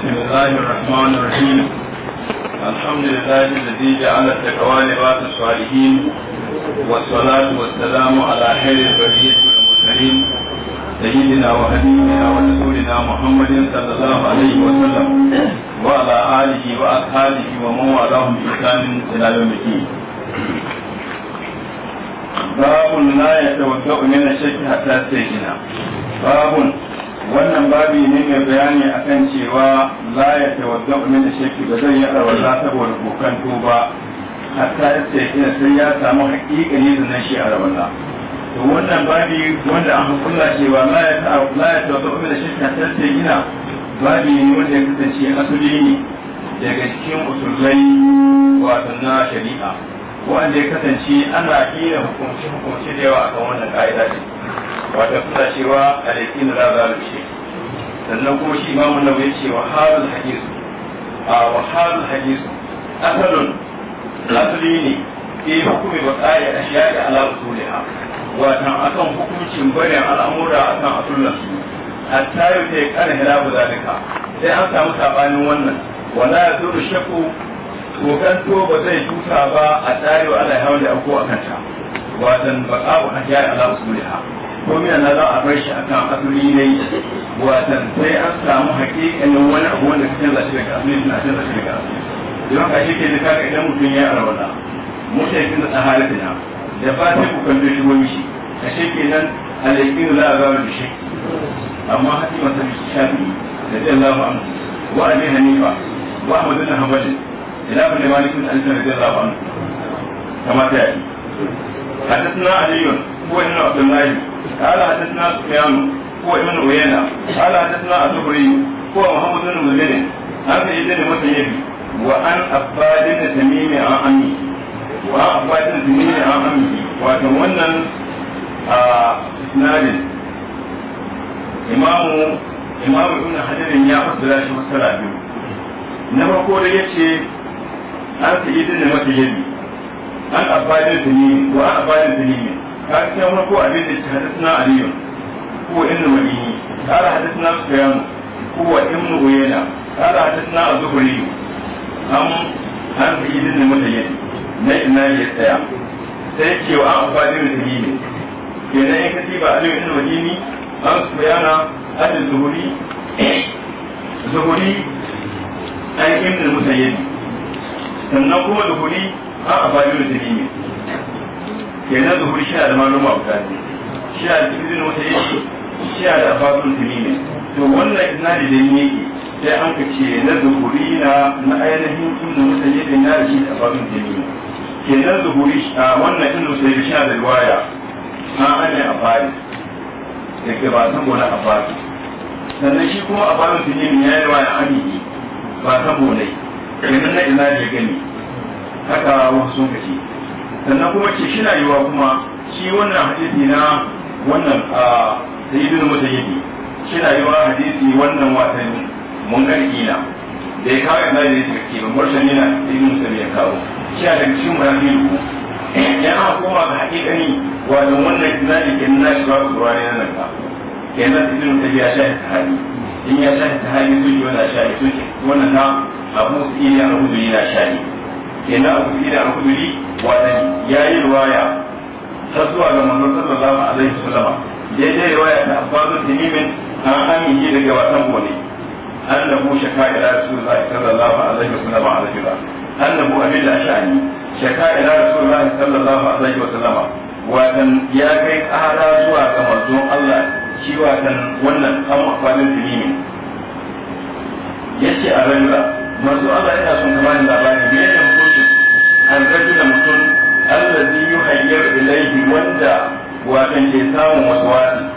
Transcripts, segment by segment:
بسم الله الرحمن الرحيم الحمد لله الذي جعل التكوان بعد الصالحين والصلاة والسلام على خير البرية والمرسلين سيدنا وحبيبنا ورسولنا محمد صلى الله عليه وسلم وعلى آله وأصحابه ومن والاهم بإحسان إلى يوم الدين باب لا يتوسع من الشك حتى سيدنا باب wannan babi ne mai bayani a kan cewa la ya tawadda da shirki da zai yada walla saboda kokon tuba hatta sai ya sai ya samu hakikani da nan shi a rawalla to wannan babi wanda an hukunta cewa za ya la ya tawadda min shirki hatta gina babi ne wanda ya kasance asali ne daga cikin usulai wato na shari'a wanda ya kasance ana kira hukunci hukunci da yawa akan wannan ka'ida ce wata suna cewa a yaƙi na zaza da shi sannan kuma shi imamu na ya ce wa halin hadisu a wa halin hadisu asalin asali ne ke hukumi ba tsari a shi yaƙi ala usuliha watan akan hukuncin barin al'amura a akan asullan su hatta yau ta yi ƙara hilabu zalika sai an samu saɓanin wannan wala ya zo da shakku kokanto ba zai tuta ba a tsari wa ala hawa da auko a kanta watan baƙa'u a shi yaƙi ala usuliha ko mina na za a bar shi a akan asali ne watan sai an samu hakikanin wani abu wanda ka canza shi daga asali suna canza shi daga asali don ka shi ke da kaga idan mutum ya arwala mushrikin da tsahalata na da ba sai ku kallo shi wani shi ka shi ke nan alaikinu za a ba da shi amma haƙi masa shafi da zai lafa amma wa abi hanifa wa ahmadu na hanbalin ila bin malikin alisan da zai lafa amu kamata ya yi حدثنا علي هو ابن عبد الله قال حدثنا سفيان هو ابن عيينة قال حدثنا الزهري هو محمد بن مزن عن سعيد بن مسيب وعن عباد بن تميم عن عمه وعن عباد بن تميم عن عمه وتمنى اسناد إمام إمام ابن حجر يا فسر شي فسر biyu na farko da yace an sa'idin da masayyibi an abadin tunimi wa an abadin tunimi قال يا مركو أبي حدثنا علي هو ابن المديني قال حدثنا سفيان هو ابن عيينة قال حدثنا الزهري أم عن سعيد بن المسيب na ina ya tsaya sai ce wa an fadi da dalili kenan in kace ba alim ibn madini an suyana al zuhuri zuhuri an ibn kuma zuhuri da kenan zuhuri shi da maluma guda ne shi da ibn yake shi da ababul tamimi to wannan ina da ne ke sai an ka ce na zuhuri na na ainihin ibn mutayyib na da shi da ababul tamimi kenan zuhuri a wannan ibn mutayyib shi da riwaya na annabi abadi da ke ba san gona abadi sannan shi kuma ababul tamimi ya yi riwaya amini ba san gona kenan na ina da gani haka wasu sun kace sannan kuma ce shi na yiwa kuma shi wannan hadisi na wannan a sayyidul mutayyidi shi na yiwa hadisi wannan watan mun garki na da ya kawo yana da ya tsirki ba mursali na ibn musulmi ya kawo shi a daga cikin murafilu ya na koma ga hakikani wato wannan tunani ke nuna shi ba su ruwani na nan ba kenan ibn musulmi ya sha ta hali in ya sha ta hali su ji wannan sha su ke wannan na abu su iya abu su yi na sha ne kenan abu su iya abu su yi wannan yayi riwaya ta zuwa ga manzon sallallahu alaihi wasallam daidai riwaya ta abbasu timimin an amince daga watan gobe. annahu shaka ila rasulullahi sallallahu alaihi wasallam a rajula annahu abin da sha'ani shaka ila rasulullahi sallallahu alaihi wasallam watan ya kai kara zuwa ga manzon Allah shi watan wannan an abbasu timimin yace a rajula manzon Allah yana son kamar labarin ne الرجل متون الذي يخير إليه وندا وأن يسام وسواسي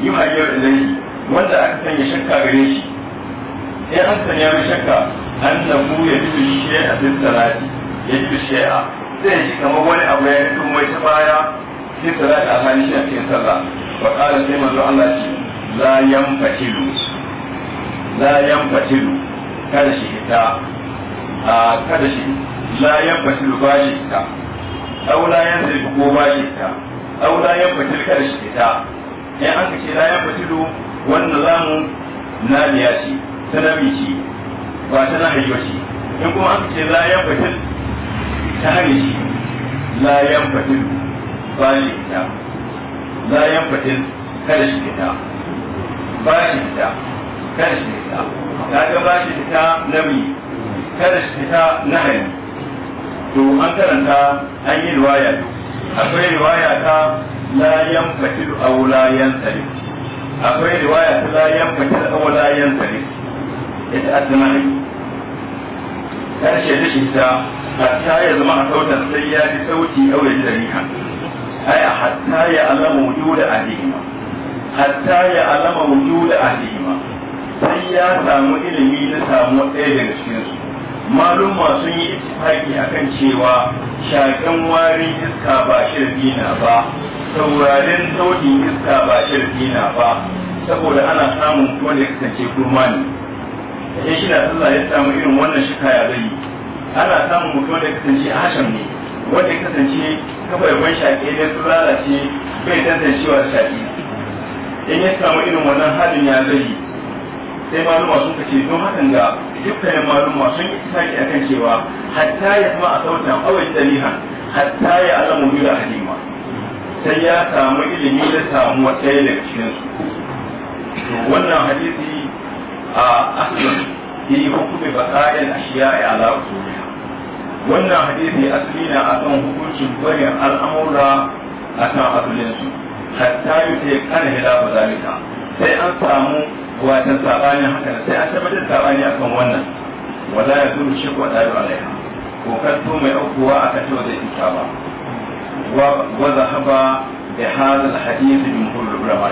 يخير إليه وندا أكثر يشكى غريش إيه أنت يا مشكى أنه يجب الشيء في الصلاة يجب الشيء zai ji kamar wani abu ya fito mai ta baya sai ta zai alhali shi a cikin sallah wa sai manzo kada shi la yabbatil bashita aw la yanzil ko bashita aw la yabbatil karshita in an kace la yabbatilu wannan zamu nadiya ce sanami ce ba ta nahiyo in kuma an kace la yabbatil tani ce la yabbatil bashita la yabbatil karshita bashita karshita kaga bashita nabi karshita nahari to an karanta an yi riwaya akwai riwaya ta layan yanfatil aw la yansari akwai riwaya ta layan yanfatil aw la yansari ita asmani karshe da shi ta hatta ya zama a sautar sai ya fi sauti aw ya ji dariha ai hatta ya alama wujuda ahlihima hatta ya alama wujuda ahlihima sai ya samu ilimi na samu ɗaya daga cikinsu Maluma sun yi ittifaki akan cewa shaƙen warin iska ba shirfi na ba sauraren sautin iska ba shirfi na ba saboda ana samun kuma da kasance kurma ne ya shi na sallah ya samu irin wannan shi kaya zai ana samun mutum da kasance a hasham ne wanda ya kasance kafar ban shaƙe ne su lalace bai tantancewa shaƙi in ya samu irin wannan halin ya zai sai maluma sun kace don hakan ga dukkanin maluma sun yi a kan cewa hatta ya sama a sautan awai dalihan hatta ya alamu bi da halima sai ya samu ilimi da samu wata daga cikin wannan hadisi a asalin ya yi hukumi basail ashiya ala usuliha wannan hadisi asali na a akan hukuncin barin al'amura a asalin asalinsu hatta yuke kana hila bazalika sai an samu wata sabani haka sai a tabbatar sabani akan wannan wala ya zuru shi ko dalu alaiha ko kasu mai aukuwa a kace wa zai isa ba wa zahaba bi hadha al hadith jumhur ulama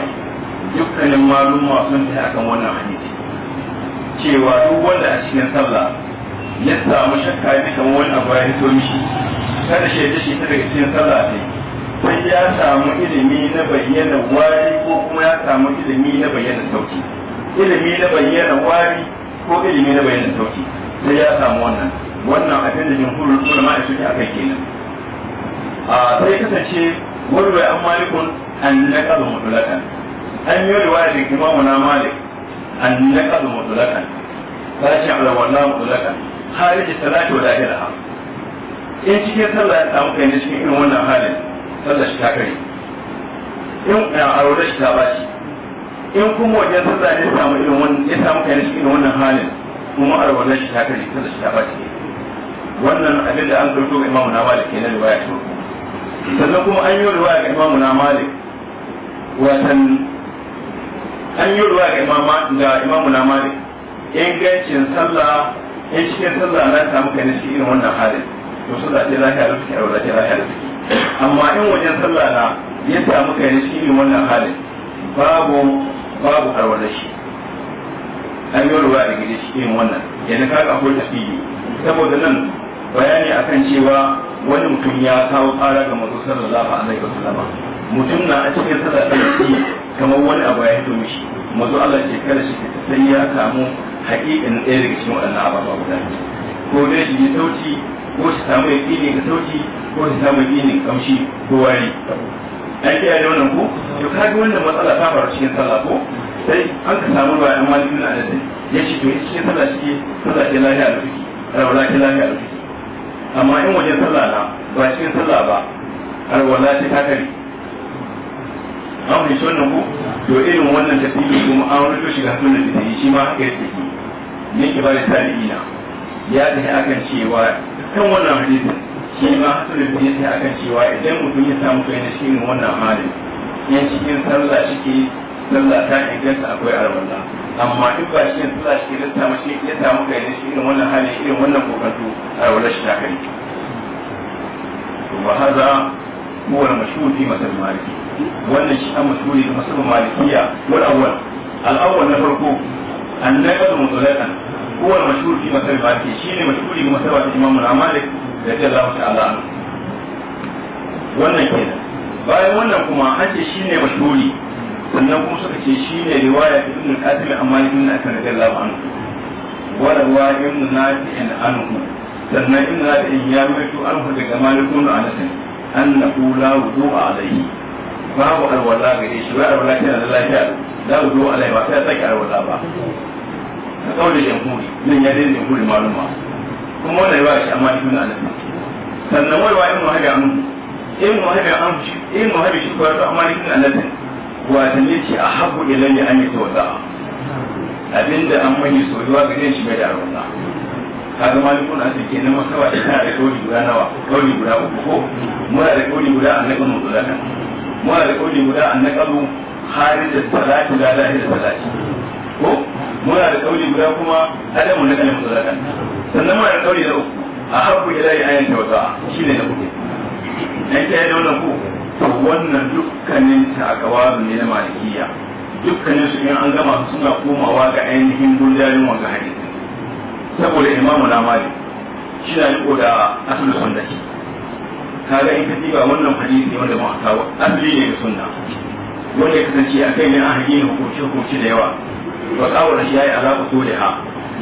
dukkanin maluma sun tafi akan wannan hadisi cewa duk wanda a cikin sallah ya samu shakka ya kan wani abu ya hito mishi kada shi da shi ta daga cikin sallah sai, sai ya samu ilimi na bayyana wari ko kuma ya samu ilimi na bayyana sauki ilimi na bayyana wari ko ilimi na bayyana sauki sai ya samu wannan wannan abin da jumhurul ulama suke akai kenan a sai kasance wani bai an malikun an na kazu mutulakan an yi riwaya da imamu na malik an na kazu mutulakan sashen alawalla mutulakan halitta salati da dahira in cikin sallah ya samu kai cikin irin wannan halin sallah shi ta kare in a aure shi ta bashi in kuma wajen sallah ne samu irin wannan ya samu kayan shi irin wannan halin kuma rubar shi ta kare ta shi ta ce wannan abin da an zarto ga imamu na malik kenan waya ta sannan kuma an yi ruwa ga imamu na malik watan an yi ruwa ga imamu ga imamu na malik ingancin sallah in cikin sallah na samu kayan shi irin wannan halin to sallah ce lafiya da suke arwala ce da suke amma in wajen sallah na ya samu kai shi irin wannan halin babu babu harwalar shi an yi ruwa da gidi shi irin wannan yana ka ga akwai tafili saboda nan bayani akan cewa wani mutum ya kawo tsara ga a zai alaihi zama mutum na a cikin sallar sarki kamar wani abu ya hito mishi mazu Allah ke kada shi sai ya samu haƙiƙin ɗaya daga cikin waɗannan ababa guda ko dai shi sauti ko shi samu ne ga sauti ko shi samu ne kamshi ko wari na kiyaye da wannan ku to kaga wannan matsala ta faru cikin sallah ko sai an ka samu ba yan wani bin adadi ya ce to cikin sallah shi sallah ke lafiya da fiki rawala ke lafiya da fiki amma in wajen sallah na ba cikin sallah ba rawala ce ta kare an fahimci wannan ku to irin wannan tafiyi kuma an rubuta shi ga sunan da shi ma haka yake ne ke ba da tarihi na ya tafi akan cewa kan wannan hadisin shi ma hasan ya sai akan cewa idan mutum ya samu kai na shirin wannan halin yan cikin sallah shike sallah ta inganta akwai alwala amma duk ba shi sallah shike da samu shi ya samu kai na shirin wannan halin irin wannan kokanto alwala shi ta kai to wa hada huwa al-mashhur masal maliki wannan shi an mashhuri da masal malikiya wal awwal al-awwal na farko annaqatu mutlaqan huwa al-mashhur fi masal maliki shine mashhuri ga masal imam Malik radiyallahu ta'ala wannan kenan bayan wannan kuma an ce shine mashhuri sannan kuma suka ce shine riwaya ta ibn qasim amma ibn akan radiyallahu anhu wa rawa ibn nafi'in anhu sannan ibn nafi'in ya rawaito anhu daga malikun anas annahu la wudu'a alayhi babu alwala gare shi ba alwala tana da lafiya la wudu'a alayhi ba sai sake alwala ba ka kawo da jamhuri nan ya daina jamhuri maluma kuma wannan riwaya shi amma ibn anas sannan wai wa in mu haɗa mun in mu haɗa an shi in mu haɗa shi kwaro amma ni kin Allah wa ta ne ce a habu ilayya an yi tawada abinda an mai soyuwa ga shi mai daruna ruwa kaga malikun a take na masawa ina da kauli guda nawa kauli guda uku ko muna da kauli guda an naƙalu kan muna da kauli guda an naƙalu harin da salati da ilaha da salati ko muna da kauli guda kuma adamu naƙalin kan sannan muna da kauli da uku ahabbu haɓu ilayi ayin kyauta shi ne na hudu dan kai da wannan ku to wannan dukkanin ta a kawazu ne na malikiya dukkanin su in an gama suna komawa ga ainihin dundarin wanga hadisi saboda imamu na mali shi na ko da asalin sunna kaga in ka diba wannan hadisi wanda ba ta asali ne ga sunna wanda kasance a kai ne ko ce hukunci hukunci da yawa wa kawo da shi ya yi alaƙa ko da ha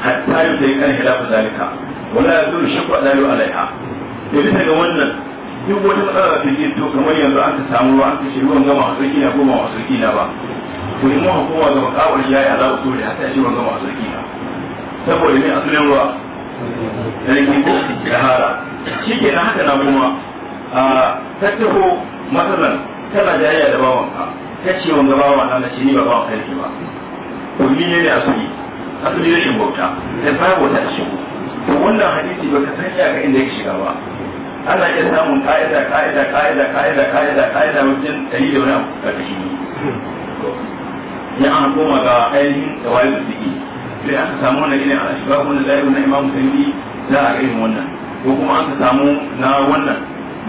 hatta yi sai kan hilafu zalika wala ya zuru shakku a layu alaiha da bisa ga wannan duk wani matsala ta ke to kamar yanzu an ta samu ruwa an ta shi ruwan gama a sarki na ko a sarki na ba to in mawa kowa ga makawar ya yi ala usuli hatta ya shi ruwan gama a sarki na saboda ne asalin ruwa sarki ko da hara shi ke na haka na kuma a tattaho matsalan tana jayayya da bawanka ka ce wanga bawa na ce ni ba bawan sarki ba kulli ne ne asali asali rashin bauta da bayan bauta ta shigo wannan hadisi baka san shi ga inda yake shiga ba ana iya samun ka'ida ka'ida ka'ida ka'ida ka'ida ka'ida wajen dari da wani abu da kashi ya an koma ga ainihin da wayo da suke sai aka samu wannan irin a shiga wanda zai na imam musulmi za a irin wannan ko kuma aka samu na wannan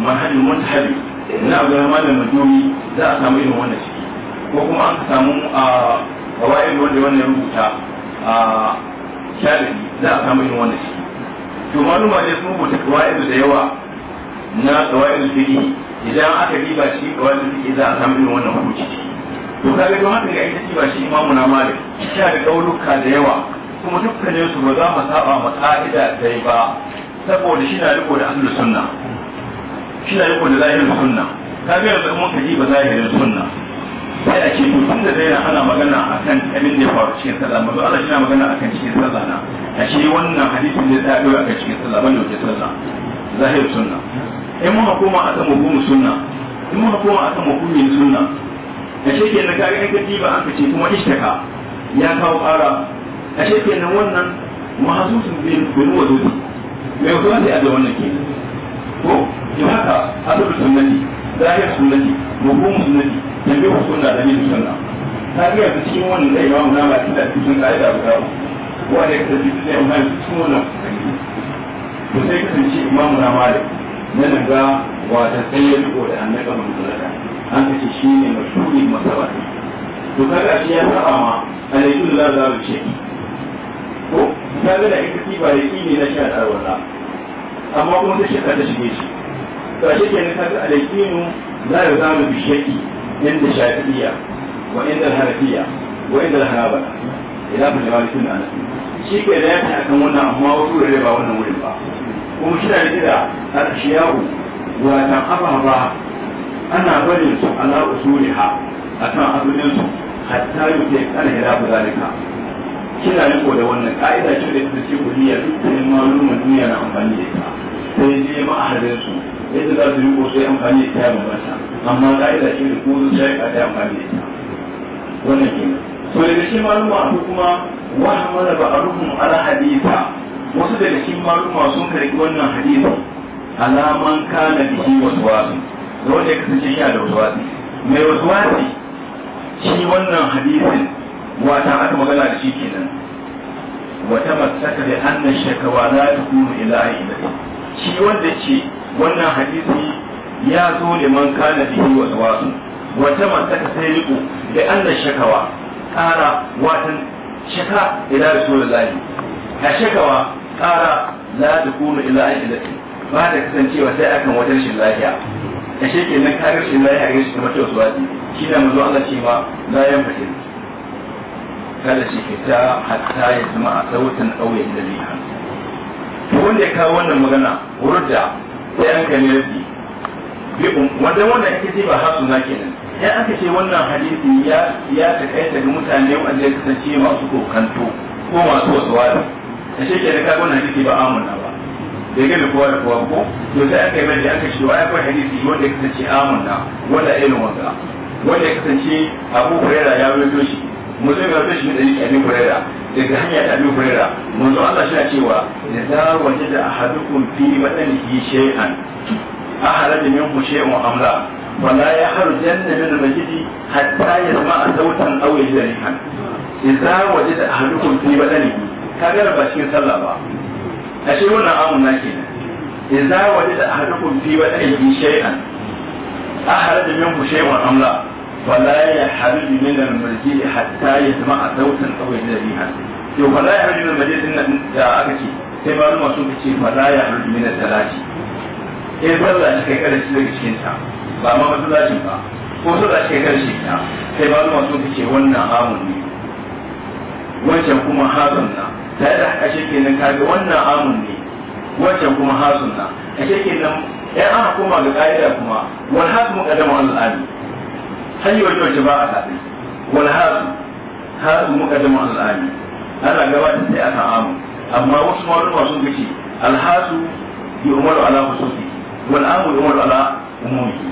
mahalin mutahabi na abu na malam majumi za a samu irin wannan ciki ko kuma aka samu a wayo da wannan rubuta a sharadi za a samu irin wannan ciki to maluma ne sun rubuta kawaidu da yawa na kawaidu fiqi idan aka diba shi kawaidu fiqi za a samu min wannan hukunci to kaga don haka ga ita diba shi imamu na malik sha da kauluka da yawa kuma dukkanin su ba za mu saba ma ka'ida dai ba saboda shi na riko da ahlus sunna shi na riko da zahirin sunna kaga yanzu mun kaji ba zahirin sunna sai a ce to da zaina ana magana akan abin da ya faru cikin sallah manzo Allah shi na magana akan cikin sallah na a shi wannan hadisin da ya dawo akan cikin sallah ban da wajen sallah zahir sunna in muka koma akan mafhumin sunna in muka koma akan mafhumin sunna a shi ke na ga an ka ba an ka ce kuma ishtaka ya kawo ƙara a shi na wannan mahasusun bin wazuzi mai kuma sai a da wannan kenan ko da haka da sunnati zahir sunnati mabbu sunnati da bi sunna da bi sunna ta ga ta cikin wannan da imamu na ba ta cikin kaida ba ko da ta cikin da imamu cikin wannan to sai kasance imamu na malik na wa wata sai ya riko da annaka mun zalaka an kace shi ne mashhuri masaba to kaga shi ya saba ma alaihi la za mu ce ko kaga da ita ba yaki ne na sha tarwala amma kuma ta ka ta shige shi to ashe kenan ka ga alaikinu la yuzamu inda shafi'iyya wa inda wa inda ila da shi ke da yake akan wannan amma wasu da ba wannan wurin ba kuma shi da shiyahu wa ababa ana barin su ala usuliha akan abudin su hatta yuke kana ila zalika kina riko da wannan ka'ida ce da take kuliya dukkanin malumin duniya na amfani da ita sai je su yadda za su yi ko sai amfani da ta bambanta amma ka'ida ce da kuma sai ka ta amfani da ita wannan ke to daga cikin maluma ko kuma wa hamala ba a arhum ala haditha wasu daga cikin maluma sun karbi wannan hadisi alaman kana wasu waswasu da wanda ya kasance shi da wasu. mai wasu waswasi shi wannan hadisin wata aka magana da shi kenan wata masaka da annan shakawa la takunu da ayyati shi wanda ce wannan hadisi ya zo man kana bihi wa wasu wata mata ta sai riko da annan shakawa kara watan shaka ila rasulullahi Ka shakawa kara la ta kuna ila an ilati ba ta kasancewa sai akan wajen rashin lafiya ka shekin nan kare shi lafiya ga shi kamar wasu wasu shi da mazo Allah ce ma la yan fashe kada shi ke ta hatta ya zama a sautin auye da bihan wanda ya kawo wannan magana wurda sai an kai rabi um, wanda wanda ake ce ba hasu na kenan ya aka ce wannan hadisi ya ya takaita ga mutane wanda ya kasance masu kokanto ko masu wasuwara a shekai da kawo wannan hadisi ba amurna ba da ya da kowa da kowa ko to sai aka yi mai da aka ce ya kawo hadisi wanda ya kasance amurna wanda ya yi wanda wanda ya kasance abu kurera ya rubuto shi musulmi ya rubuto shi ne da yake abin kurera daga hanya da Abu Huraira manzo Allah shi cewa idza wajada ahadukum fi badanihi shay'an wala min sautan idza fi kaga ba cikin sallah ba wannan amun na kenan fi shay'an ولا يحل من المرجع حتى يسمع صوتا او يجريها yau fa la ya hajji min majalisin nan da aka ce sai malama sun ce fa la ya hajji eh sallah shi kai kada shi daga ba ba ko sallah kai kada shi ta sai malama sun ce wannan amun ne wancan kuma hazan na ta da ashe nan, kaga wannan amun ne wancan kuma hazan na ashe kenan ya aka koma ga ka'ida kuma wal hazmu qadamu al-ami hanyar yau a ta dai wani hasu, hazu muqaddamu al al'ami ana gabatar sai aka amu amma wasu malama sun gace alhasu yi umaru ala hususi wani amu umaru ala umumi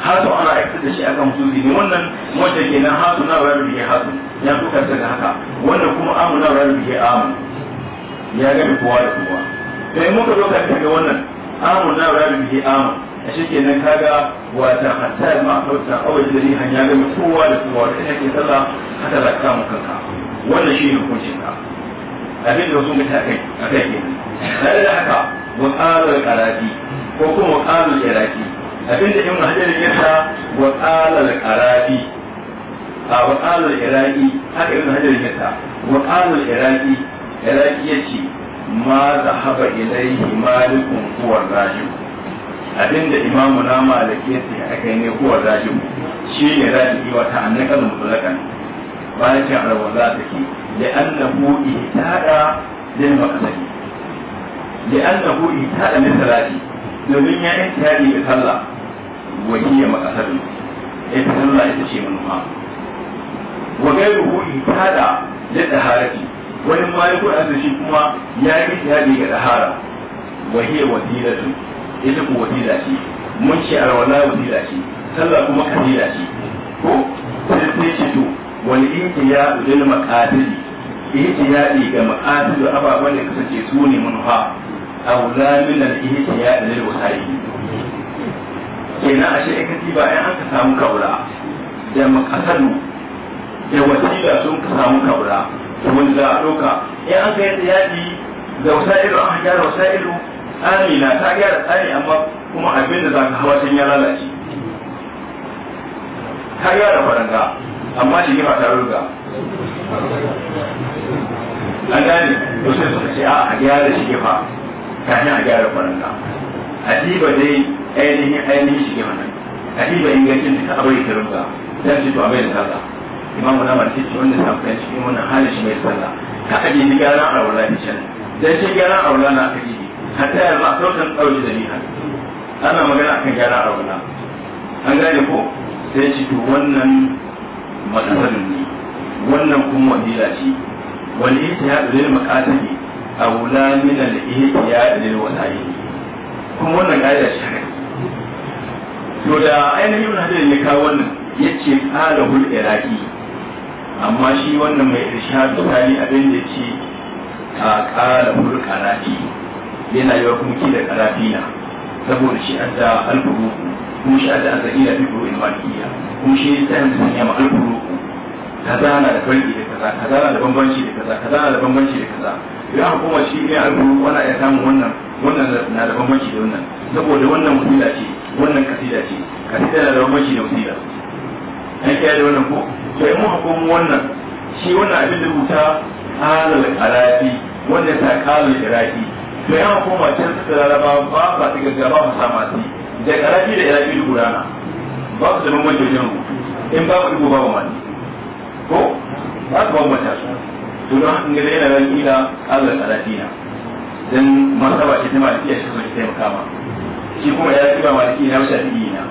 hasu ana aiki da shi a kan hususi ne wannan wanda ke nan hasu na wayar da hasu ya tukar daga haka wannan kuma amu na wayar da amu ya gani kowa da kowa sai muka zo ka ga wannan amu na wayar da amu a shi nan kaga wata hatta ma kauta da dari hanya ga kowa da kowa da yake ke sallah haka za ka kanka wannan shi ne hukuncin ka abin da su mutu a kai a kai kenan tare da haka wa qalar qarati ko kuma wa qalul iraqi abin da ibnu hajar ya sa wa qalal qarati a wa Iraki haka ibnu hajar ya sa wa qalul iraqi iraqi yace ma zahaba ilaihi malikun kuwar rajul abinda imamu na maliki ya ce aka yi ne kowa zajibu shi ne ta yi zajibi mutu annakar mutulakan bayan cin arwa za ta ki li'annahu ihtada lil maqsadi li'annahu ihtada lil salati domin ya yi tari da sallah ya wajiyya maqsadi ita sallah ita ce ma, wa gairuhu ihtada lil taharati wani malikul azzi shi kuma ya yi tari ga tahara wa hiya wasilatu ilim wasila ce mun ce alwala wasila ce sallah kuma kabila ce ko sai sai ce to wal intiya lil maqasid ihtiyadi ga maqasid ababan da kasance su ne aw la min al ihtiyadi lil wasaili kenan ashe ikati ba ai an ka samu kaura da maqasadu da wasila sun ka samu kaura to wanda za a doka in an kai ihtiyadi da wasailu an hajjar wasailu tsari na ta gyara tsari amma kuma abin da za ka hawa can ya lalace ta gyara faranga amma shi ba ta ruga an gane to sai suka ce a gyara shi ta kafin a gyara faranga jiba dai ainihin ainihin shi gefa nan jiba ingancin da ka abai ta ruga dan shi to abai da kaza imamu na mace ce wanda ta fahimci cikin wannan halin shi mai sallah ka aje ni gyara a wala can dan shi gyara a wurin na kaji hatta ya ma sautan ɗauki da niha ana magana akan gyara a wala an gane ko sai ci to wannan matsalar ne wannan kuma wahila ce wani ita ya ɗaure ne a wula mina da iya ya ɗaure wasa'i kuma wannan ƙa'ida shi haka to da ainihin ibn hajar ya kawo wannan ya ce ƙara hul iraki amma shi wannan mai irshadu tani abin da ce a ƙara hul karaki yana yi wa kuma da karafina saboda shi adda alfuru kuma shi adda da fi in malikiya kuma shi ta yanzu sun yama alfuru kaza na da farki da kaza kaza na da bambanci da kaza kaza na da bambanci da kaza idan aka koma shi ne alfuru wani ya samu wannan wannan na da bambanci da wannan saboda wannan musila ce wannan kasida ce kasida na da bambanci da musila an kiyaye da wannan ko to in muka komo wannan shi wannan abin da rubuta halal alafi wannan ta kawo rafi to yawan koma can suka laraba ba ba ta gaskiya ba mu sama ci da karafi da iraki da gudana ba su da bambanci wajen rubutu in ba mu duba ba mu mani ko ba su bambanta su to don haka ga yana ran ila Allah karafi na dan masaba ce ta maliki shi so ki taimaka ma shi kuma ya ba maliki na wuce da ina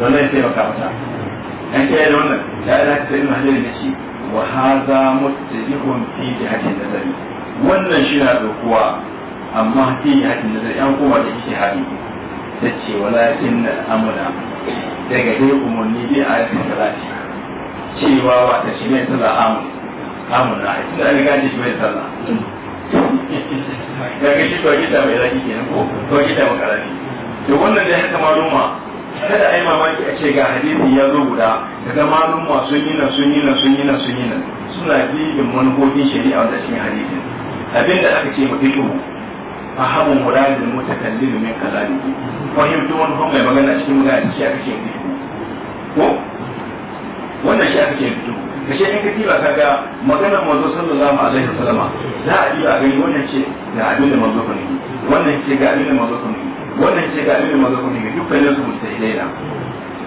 don ne taimaka mata an kiyaye da wannan ya da ka sai mahallin da shi wa hadha muttajihun fi jihati nazari wannan shi na dokuwa amma ya hadin da yan kuma da shi hadi ta ce walakin na amuna daga dai umarni dai a yasin salati cewa ta shi mai sallah amun amun na aiki da riga shi mai sallah daga shi to gida mai zaki kenan ko to gida makarani to wannan dai haka maluma kada a yi mamaki a ce ga hadisi ya zo guda daga malumma sun yi nan sun yi nan sun yi nan sun yi nan suna bibin manufofin shari'a wanda cikin hadisin abinda aka ce mutum fahimu muradin mutakallim min kalami fahimtu wani kuma magana cikin magana shi ake aka ce ko wannan shi ake ce fito da shi in katiba ka ga maganar manzo sallallahu alaihi wasallama za a yi a gani wannan ce ga abin da manzo kan wannan ce ga abin da manzo kan wannan ce ga abin da manzo kan yi dukkanin su mutahidai na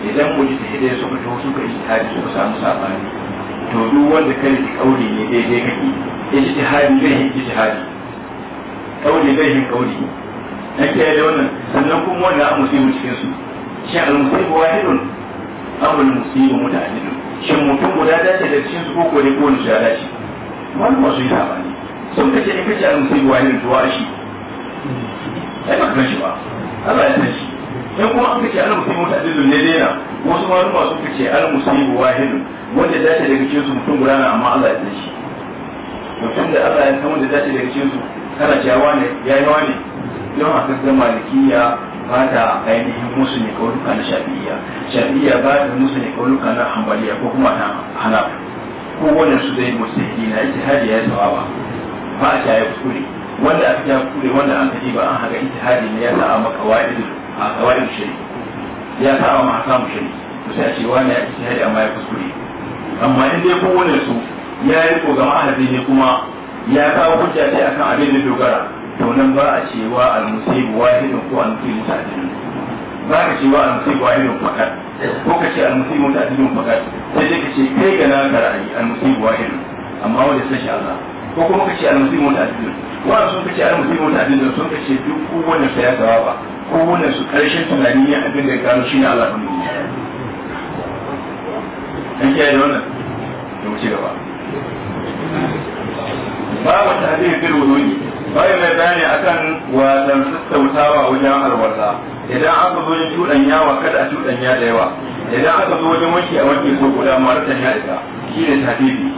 idan mujtahidai suka to suka ijtihadi suka samu sabani to duk wanda kai da kauri ne daidai kake ijtihadi zai yi ijtihadi kauli zai yin kauli na kiyaye da wannan sannan kuma wanda a musibu cikin su shi a musibu abu amul musibu muta'addidun shi mutum guda dace da cikin su ko ne ko ne ya dace wannan masu yi ne sun kace in kace a musibu wahidun to washi ai ba kan shi ba Allah ya san shi in kuma an kace al musibu muta'addidun ne dai na wasu malama sun kace al musibu wahidun wanda dace daga cikin su mutum guda na amma Allah ya san shi mutum da Allah ya san wanda dace daga cikin su kana cewa ne ya yi wani don a kasar malikiya ba ta ainihin musu ne kauluka na shafi'iyya shafi'iyya ba ta musu ne kauluka na hambaliya ko kuma na hanaf ko wannan su zai musu na ita hadi ya yi sawawa ba a ta ya kuskure wanda aka ta kuskure wanda an kaji ba an haka ita hadi ne ya sa a maka wa'idin shiri. ya sa a ma samu shari kusa a ce wani ya ita hadi amma ya kuskure amma in dai kowane su ya yi ko gama ahadi ne kuma ya kawo hujja ce akan abin da dogara to nan ba a cewa al-musib wahidun ko al-musib sadin ba ka cewa al-musib wahidun fakat ko ka ce al-musib mutadin fakat sai dai ka ce kai ga nan ra'ayi al-musib wahidun amma wanda sai Allah ko kuma ka ce al-musib mutadin wannan sun ka ce al-musib da sun ka ce duk kowanne sai ya sawaba kowanne su karshen tunani ne abin da ya gano shine Allah ne an kiyaye wannan to ci gaba babu tahdid fil wudu'i bai mai bayani a kan dan sassautawa wajen alwala idan aka zo wajen cuɗanya wa kada a cuɗanya da yawa idan aka zo wajen wanki a wanki ko guda ne tahdidi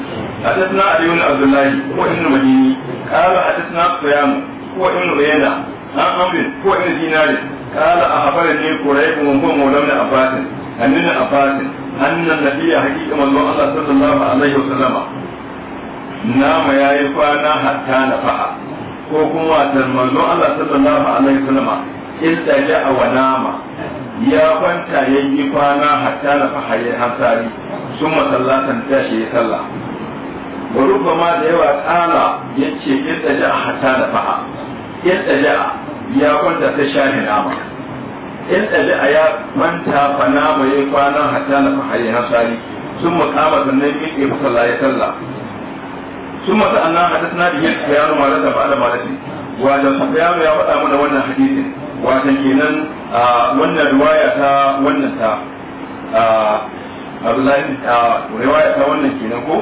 حدثنا علي بن عبد الله هو ابن المديني قال حدثنا سفيان هو ابن عيينة عن عمرو هو ابن دينار قال أخبرني قريب وهو مولى ابن عباس أن ابن عباس أن النبي حقيقة من الله صلى الله عليه وسلم nama ya yi kwana hatta na fa'a ko kuma watan manzo Allah sallallahu alaihi wasallam idda ja'a wa nama ya kwanta ya yi kwana hatta na fa'a ya hansari sun masallatan shi ya sallah bari kuma da yawa ce in idda ja'a hatta na fa'a idda ja'a ya kwanta ta shahi nama idda ja'a ya kwanta fa nama ya yi kwana hatta na fa'a ya hansari sun makama sannan miƙe masallaci sallah ثم سألنا حدثنا به سفيان مالك بعد مالك وأن سفيان يا فتا من وانا حديث وأن كينا وانا رواية وانا تا عبد الله رواية وانا كينا كو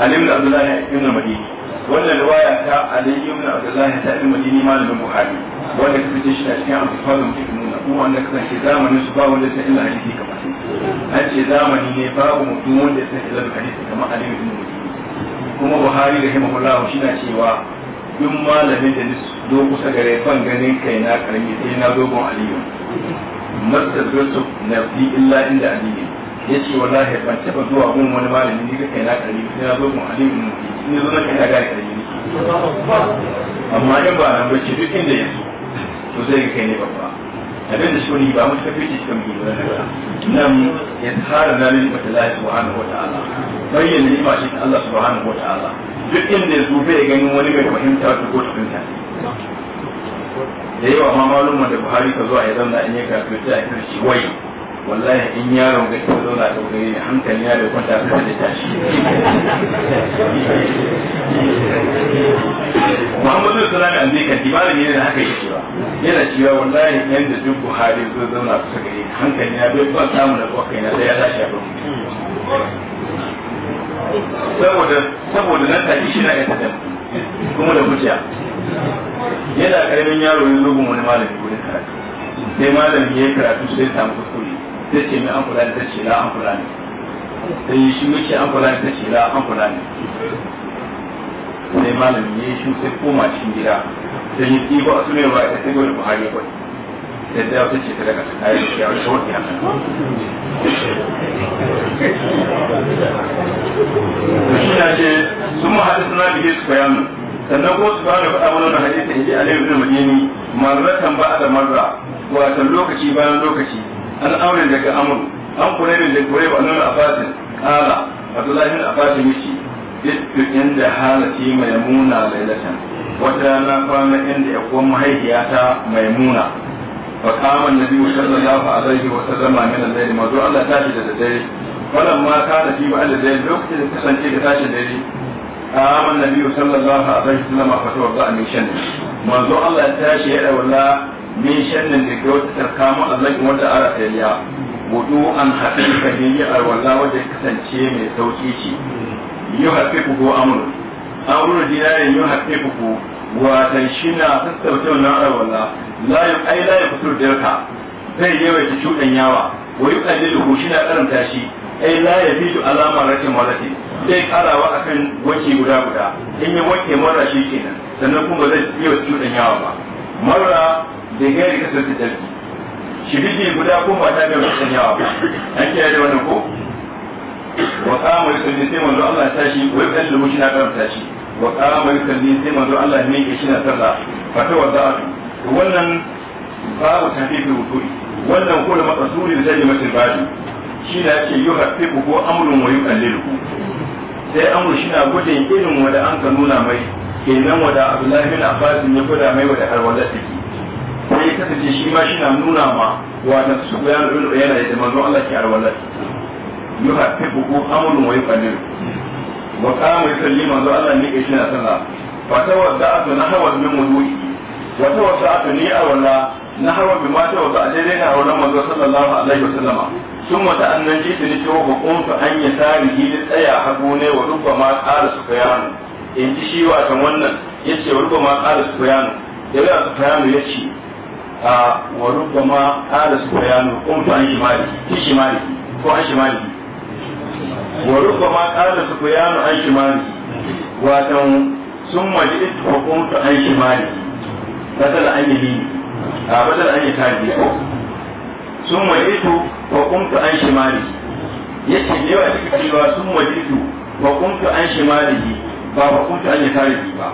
علم عبد الله بن المديني wannan riwaya ta Aliyu ibn abdullah ta ibn madini malamin buhari wanda ka fice shi a cikin amfafazin cikin nuna kuma wanda ka san zamanin su ba wanda sai illa hadisi kamar shi an ce zamani ne babu mutum wanda ya sai illa hadisi kamar alayyi ibn madini kuma buhari da rahimahullah shi na cewa in malamin da ni zo kusa gare ban ganin kai na karami sai na dogon aliyu masar rasu na fi illa inda aliyu ya ce wallahi ban taɓa zuwa gun wani malami ni ga kaina ƙarni sai na zo gun alimin mutum ni zo na kaina gane ƙarni ni. amma in ba nan bace duk inda ya to zai ga kai ne babba abin da shi ba mu tafi cikin gudu mu ya tsara na lil mutala subhanahu wataala bayyana ni ma shi Allah subhanahu wataala duk inda ya zo bai ganin wani mai fahimta ko ta fahimta da yawa ma malum da Buhari ka zuwa ya zanna in ya karatu sai a kirshi wai wallahi in yaron ga ita zauna da wuri hankali ya da kwanta kuma da tashi Muhammadu Sulaiman Annika dimanin yana haka yake ba yana cewa wallahi yan da duk Buhari zo zauna su gare hankali ya bai ban samu da kwakai na sai ya tashi ya bamu saboda saboda na tashi shi na ya tada kuma da kuciya yana karamin yaro yin zo wani malami wani karatu sai malami ya karatu sai samu kuskure zai ce mai an kula ta ce la an kula ne sai yi shi wuce an kula ta ce la an kula ne sai malamin ya yi shi sai koma cikin gida sai yi tsibo a sunan ba ta tsibo da buhari kwai sai da wata ce ta daga ta kayan shi a wata wata ya shi na ce sun ma haɗu suna da su bayanu sannan ko su ba da faɗa wani wani hadisi ya ji a laifin da ni marratan tambaya da marra wato lokaci bayan lokaci an aure daga amur an kure kurebin da kure kureba nan afasin kala abdullahi afasin yake duk inda halaci halati maimuna lailatan wata na kwana inda ya kuwa mahaifiyata muna. fa kama nabi sallallahu alaihi wa sallama min al-layl mazu Allah tashi da dare falan ma ka kana fi ba al-layl lokacin da kasance da tashin dare kama nabi sallallahu alaihi wa sallama fa tawadda an yushan mazu Allah tashi ya dawla min shannin da ke wata tarkamu allakin wata ara tariya wudu an haɗin ka ne yi alwala wajen kasance mai sauƙi ce yi haɗe ku ko amuru amuru dinarin yi haɗe ku ko watan shi na sassauta wannan alwala layu ai layu kusur dirka zai yawaita cuɗan yawa wani yi ƙallilu ku shi na karanta shi ai la ya fi alama rakin walati zai karawa akan wace guda guda in ya wanke mara shi kenan sannan kuma zai iya cuɗan yawa ba mara da yi kasar da shi shiriki guda ko ba ta ga mutan yawa an kiyaye da wannan ko wa mai yusalli sai manzo Allah tashi wa da mushi na karanta tashi wa mai yusalli sai manzo Allah ne yake shi na wa za'a tawadda wannan fi fi wuturi wannan ko da matsasuri da zai mata bari shi da yake yi hafifu ko amrun wa yukallilu sai amru shi na gudun irin wanda an ka nuna mai kenan wanda Abdullahi bin Abbas ne gwada mai wanda har wanda take ya kasance shi ma shi na nuna ma wata su ya nuna yana da manzo Allah ke arwala yuhaqqiqu amrun wa yuqaddir wa qama yusalli manzo Allah ne ke shi na sallah fa tawadda'atu nahwa min wudu'i wa tawadda'atu ni awla nahwa bima tawadda'a daidai na awla manzo sallallahu alaihi wasallama ثم تأنجي تنتهي وقمت أن يساره لتأيا حقوني وربما قال سفيان in ji shi watan wannan ya ce wani ma ƙara ya وربما هذا سفيان قمت عن شمالي في شمالي كو وعن شمالي وربما هذا سفيان عن شمالي واتم ثم جئت وقمت عن شمالي بدل ان يميني بدل ان يتاجي ثم جئت وقمت عن شمالي yace da yawa cikin cewa sun wajitu wa kuntu an shimalihi ba wa kuntu an yatarihi ba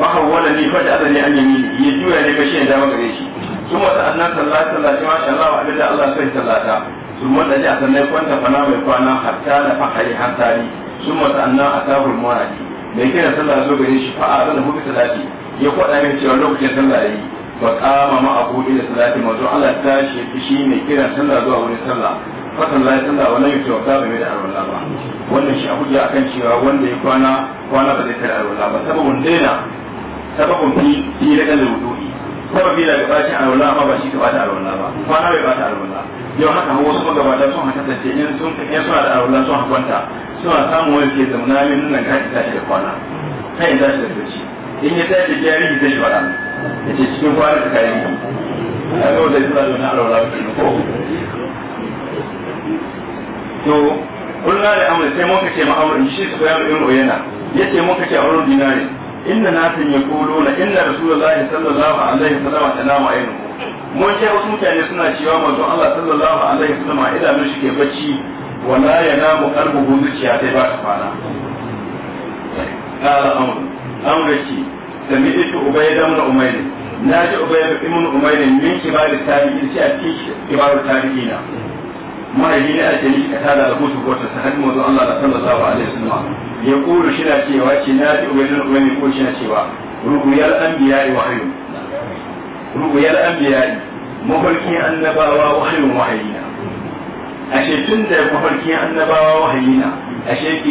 mahawwala ni fa da azali an yami ya juya ne kashi da dama gare shi sun wata annan sallah sallah ma sha Allah wa alilla Allah sai sallata sun wanda ji a sannan kwanta fana mai kwana hatta da fahari ni sun wata annan a tabul mawaki mai kira sallah zo gare shi a da hudu salati ya kwada mai cewa lokacin sallah yayi wa qama ma abu ila salati manzo Allah tashi shi ne kira sallah zuwa wurin sallah fatan la yatanda wa la ba bi da alwala ba wannan shi a hujja akan cewa wanda ya kwana kwana ba zai tare alwala ba sababun daina sababun fi fi da kan wudu'i sababi daga bashi alwala amma ba shi ka bata alwala ba kwana bai bata alwala yau haka wasu magabata sun haka tace in sun in suna da alwala sun hakanta suna samun wani ke zauna min nan ka ta shi da kwana sai in tashi da bacci in ya tashi da jari da shi fada ya ce cikin kwana ta kai ni a ga da suna zauna alwala ba ko to kullum da amur sai mun kace ma amur shi su ya mu yana yace mun kace wurin dinari inna nasin yaquluna inna rasulullahi sallallahu alaihi wasallam tanama aynuhu mun ce wasu mutane suna cewa manzo Allah sallallahu alaihi wasallam idanun shi ke bacci wala yanamu qalbuhu zuciya sai ba ta fara qala amr amr ce sami'tu ubayd na ji naji ubayd ibn umayr min kibar tabi'in ce a cikin kibar tabi'ina mahaifina a ce ni ka tada da hutu ko ta hadin manzo Allah sallallahu alaihi wasallam ya kuru shi na cewa ce na fi ubangiji wani ko shi na cewa rubuyar an biya ruguyar rubuyar an biya anbiya'i mafarkin annabawa wahayun wahayina ashe tun da mafarkin annabawa wahayina ashe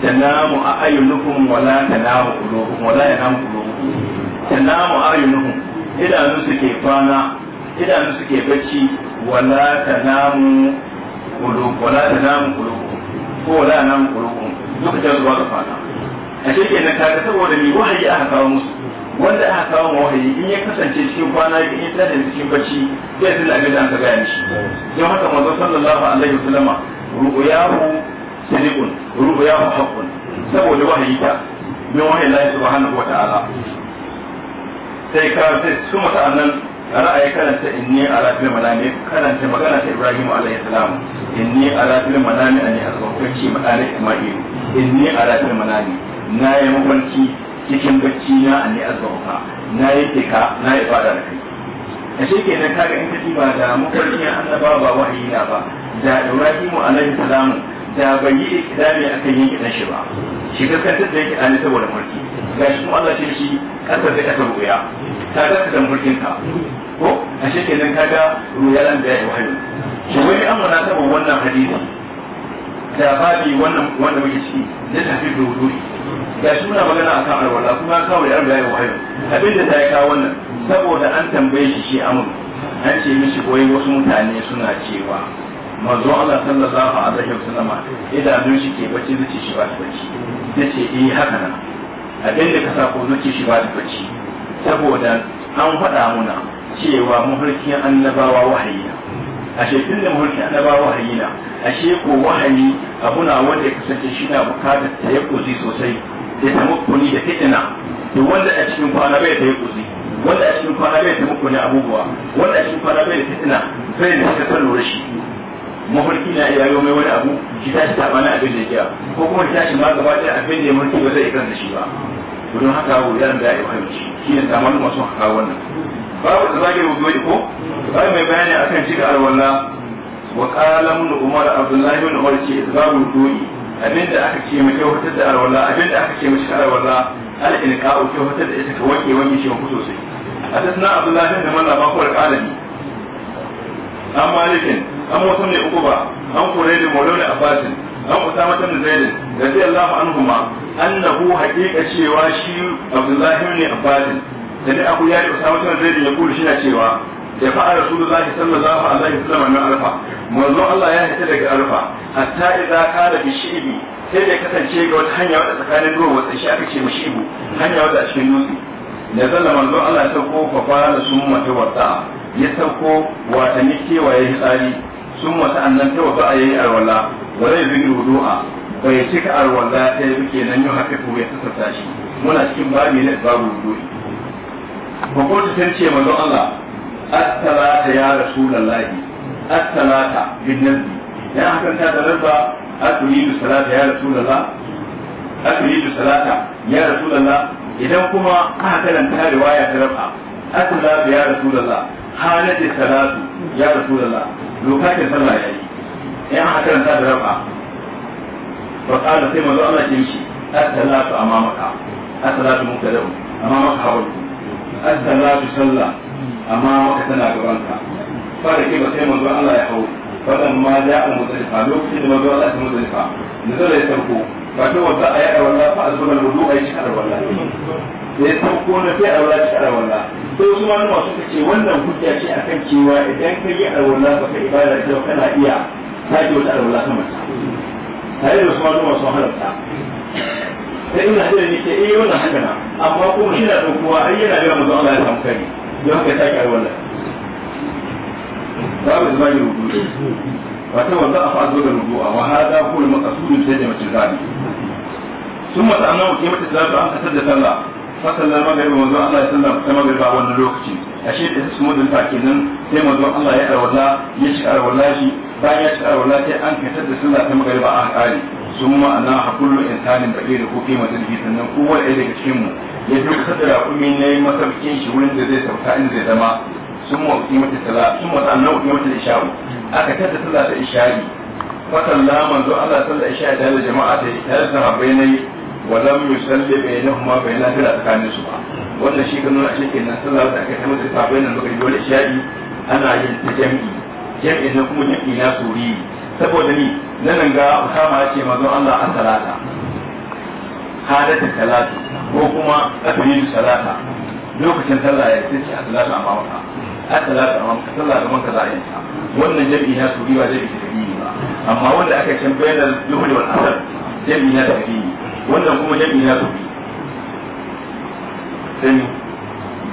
ta namu a ayyunukum wala tanamu qulubukum wala yanamu qulubukum tanamu a ayyunukum idanu suke kwana idanu suke bacci wala tanamu qulub wala tanamu qulubukum ko wala namu qulubukum lokacin zuwa ga fata a ke na kaga saboda ni wahayi aka kawo musu wanda aka kawo ma wahayi in ya kasance cikin kwana ya in tada cikin bacci sai sun abin da aka gaya mishi don haka manzo sallallahu alaihi wasallam ru'yahu sadiqun ru'yahu haqqun saboda wahayi ta min wahayi Allah subhanahu wa ta'ala sai ka sai su muta'annan ra'ayi karanta inni ala fil manami karanta magana ta Ibrahim alaihi salam inni ala fil manami an yasbuki madani isma'ilu inni a rafin manani na yi mafarki cikin bacci na anni azbauka na yi teka na yi fada da kai a shekai na kaga in kaji ba da mafarki ya annaba ba wahayi na ba da ibrahimu alaihi salamu da bai yi ikidami a kan yanki shi ba shi kaskantar da yake ɗani saboda mulki ga shi kuma Allah ce shi kasa da kasa ruya ta ga da ka. ko a shekai nan kaga ruyalan da ya yi wahayi shi wani na saboda wannan hadisi da babi wannan wanda muke ciki na tafi da wuri ga shi muna magana akan alwala kuma kawo ya rubuta yayin wayo abin da ta yi kawo wannan saboda an tambaye shi shi amin an ce mishi koyi wasu mutane suna cewa manzo Allah sallallahu alaihi wasallam idanun shi ke bacci zuci shi ba bacci yace eh haka nan abin da ka sa ko zuci shi ba bacci saboda an faɗa muna cewa mafarkin annabawa wahayi ashe tun da ana ba wahayi na ashe ko wahayi abuna wanda ya kasance shi na bukatar ta yi kuzi sosai ya samu kuni da fitina to wanda a cikin kwana bai ta yi kuzi wanda a cikin kwana bai ta mukuni abubuwa wanda a cikin kwana bai da fitina sai da suka san lura shi mafarki na iya yau mai wani abu shi tashi tabana abin da ya ko kuma shi ma gaba ɗaya abin da ya mulki ba zai iya kansa shi ba don haka wuyan da ya yi fahimci shi ne zamanin masu haka wannan babu wa wudu'i ko ai mai bayani akan cika alwala wa qala mun umar abdullahi bin umar ce babu wudu'i abinda aka ce mai kyautar da alwala abinda aka ce mai cika alwala al ilqa'u kyautar da ita ka wanke wani shi ku sosai حدثنا عبد الله بن ملا ما هو العالمي عن مالك عن موسم بن عقبة عن قريب مولى عباس عن أسامة بن زيد رضي الله عنهما أنه حقيقة شيوا شي عبد الله بن عباس da abu ya yi usama tana zai ya kulu shi na cewa ya fa'a rasulullahi sallallahu alaihi wasallam min alfa manzon Allah ya hita daga alfa hatta idza kana da shibi sai da kasance ga wata hanya wadda tsakanin ruwa wata shi aka ce mu shibu hanya wadda a cikin dutse da zalla manzon Allah ta ko fa fara sun mata wata ya sauko watanni kewaye hitsari sun wata annan ta wata a yayi arwala wala yuzu wudu'a bai cika arwala ta yi nan yau haka to ya tsasa shi muna cikin babi ne babu wudu'i ba ko ta ce manzon Allah at-talata ya rasulullahi at-talata bin nabi dan hakan ta da rabba aturidu salata ya rasulullah aturidu salata ya rasulullah idan kuma aka karanta riwaya ta rabba atullah ya rasulullah halati salatu ya rasulullah lokacin sallah yayi in aka ta da rabba fa qala sai manzo Allah ya ce at-talatu amamaka at-talatu mubtada'u amamaka hawlu as-salatu sallah amma maka tana gaban ka fa da ke ba sai manzo Allah ya hau fadan ma ja al-muzdalifa lokacin da manzo Allah ya muzdalifa nazara ya sauko fa to wata ayat wallahi fa azbal wudu ay shahar wallahi da ya sauko na sai aula ci arwala sai wasu ma nuna suka ce wannan hujja ce akan cewa idan ka yi arwala ba ka ibada da kana iya sake wata arwala sama ta tare da wasu ma nuna sun halarta sai ina da ni ke eh wannan haka na amma kuma shi na dokuwa har yana da manzo Allah ya samu kari don haka ta kyar wannan babu zai rubutu wata wanda a fa'azu da rubuwa wa hada kullu maqsudun sai da mutum zabi ثم تأمنوا كيما تتلابى أن ta صلى فصلى المغرب ومنذ الله يسلم كما غرب أول لوكتي أشيء إسس ya تأكيدا كما منذ الله يأرى ولا يشكر ولا شيء باي يشكر ولا شيء أن تسد صلى كما غرب أهل sun ma'ana hakullu insanin baƙi da kuɗi majalisi sannan kowa ɗaya daga cikin mu ya duk sadda da kuma na yi masaukin shi wanda zai sauka inda zai zama sun ma ƙimata sala sun ma sannan ƙimata isha'u aka tada sallah da isha'i fasalla manzo Allah sallah isha'i tare da jama'a ta tare da sahabbai na yi wa walam yusalli bainahuma bainan fila tsakanin su ba wannan shi kan nuna shi kenan sallah da aka tabbata sahabbai nan lokaci wani isha'i ana yin ta jami'i jami'in nan kuma jami'i na suri saboda ni na nan ga usama ya ce manzon Allah an salata hadata salatu ko kuma afirin salata lokacin sallah ya ce a salatu amma maka a salatu amma maka sallah da manka za a yi ta wannan jami'i na su ba jami'i da gini ba amma wanda aka can bayanar duhuri wal asar jami'i na da gini wannan kuma jami'i na su bi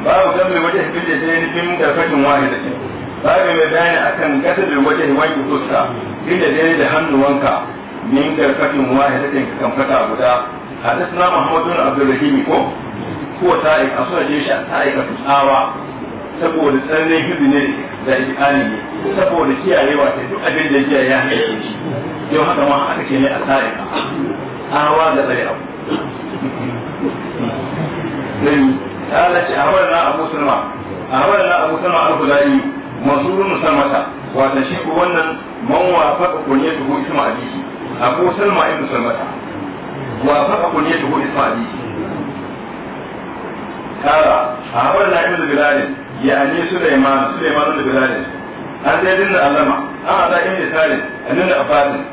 babu gambe wajen fi da sai nufin da fashin wahida ce babu mai bayani akan gasar da wajen wanke fuska inda dai da hannuwanka min ya take kan fata guda na Muhammad bin Abdul Rahim ko ko ta a suna je shi ta ka tsawa saboda tsananin hidu ne da ikani ne saboda kiyayewa ta duk abin da jiya ya haife shi yau haka ma aka ce ne a tsari tsawa da tsari abu dan ta lace a habar na Abu Sulma a habar na Abu Sulma al-Hudai masuru nusa masa wata shi ko wannan manwa faka ko ne tuhu isma aliki abu salma ibn salmata wa faɗa ko ne tuhu isma aliki kala a haɓar na ibn bilalin ya ne suleiman suleiman ibn bilalin an zai dinna alama an a zaƙin misalin a nuna abbasin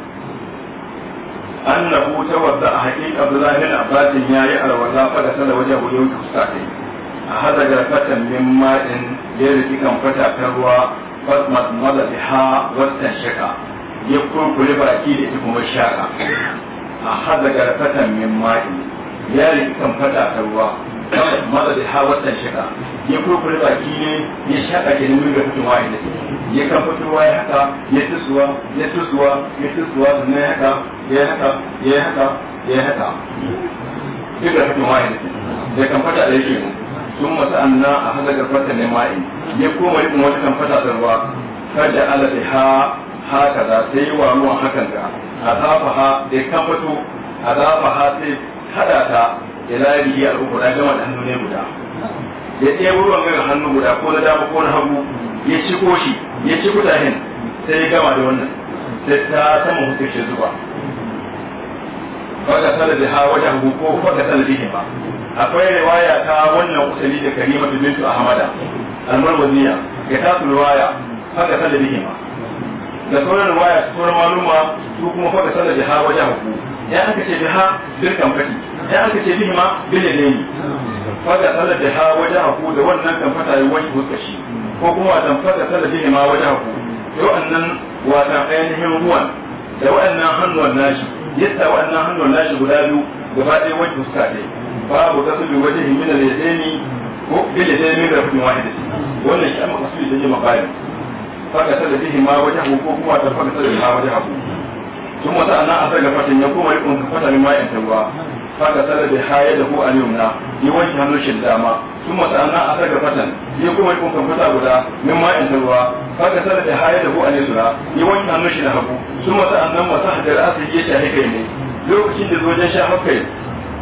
an na hutar wadda a haƙiƙa zuwa abbasin ya yi alwata faɗa sanda wajen hudu yau ta fuska kai هذا جرفة من ماء يرد كم فتا فروا فاسمت مضى بها واستنشقا يقول كل باكي لتكم الشاقة هذا جرفة من ماء يرد كم فتا فروا mada da ha watan shiga ya kurkure baki ne ya shaka ke nemi ga fitin ne ya kan fitin waye haka ya tusuwa ya tusuwa ya tusuwa sannan ya haka ya haka ya haka ya haka duk da fitin ne ya kan fata da shi. sun masa anna a hada karfata ne ma'i ya koma rikon wata kan fata da ruwa ha haka za yi wa hakan ga a zafa ha da kan fito a zafa ha sai hada ta ila ya biyi al'uku da gama da hannu ne guda ya ɗebo ruwan ga guda ko na dama ko na hagu ya ci koshi sai ya gama da wannan sai ta sama hutu shi zuba faka talabi ha wajen ko faka talabi ba akwai riwaya ta wannan usali da karima bintu ahmada al-marwaziya ga ta riwaya haka ta da bihima da sauran riwaya ta sauran maluma su kuma faka sallar biha wajen hukku ya aka ce biha bil kamfati ya aka ce bihima bil yadaini faka sallar biha wajen hukku da wannan kamfata yi wani huskashi ko kuma watan faka bihi ma wajen ku. da wa'annan watan ainihin ruwan da wa'annan hannuwan nashi yadda wa'annan hannuwan nashi guda biyu gaba ɗaya wani huska ɗaya babu ta sulu wajen himmina da ya ko bile da ya mai da rukun wahida shi wannan shi amma kasu da ya ma bayan faka sallar bihin ma wajen hu ko kuma ta faka sallar ma wajen hu sun wata ana a sarga fatan ya kuma rikon kafata ne ma yan tawa faka sallar da haya da ko aliyu yi wancan hannun shi dama sun wata ana a sarga fatan ya kuma rikon kafata guda ne ma yan tawa faka sallar da haya da ko aliyu yi wancan hannun shi da hagu sun wata ana masu hajjar asiri ya shahe kai ne lokacin da zojen sha hakai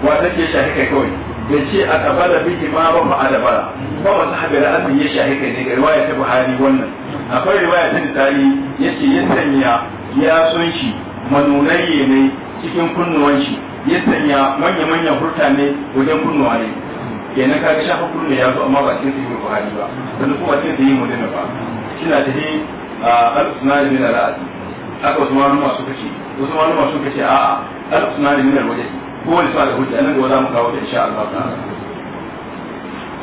wanda ke shahi kai kawai bai ce a kabala bihi ma ba ma adabara ba wa sahabi da abin ya shahi kai ne ga riwaya ta Buhari wannan akwai riwaya ta ya ce ya sanya ya son shi manunayye ne cikin kunnuwan shi ya sanya manya manya furta ne wajen kunnuwa ne kenan ga shafa kullu ne ya zo amma ba cikin sahihi Buhari ba sannan kuma cikin sahihi Muslim ba kina tafi a al da min al aka wasu malama suka ce wasu malama suka ce a'a al da min al kowane sa da hujja nan gaba za mu kawo ta insha Allah ta'ala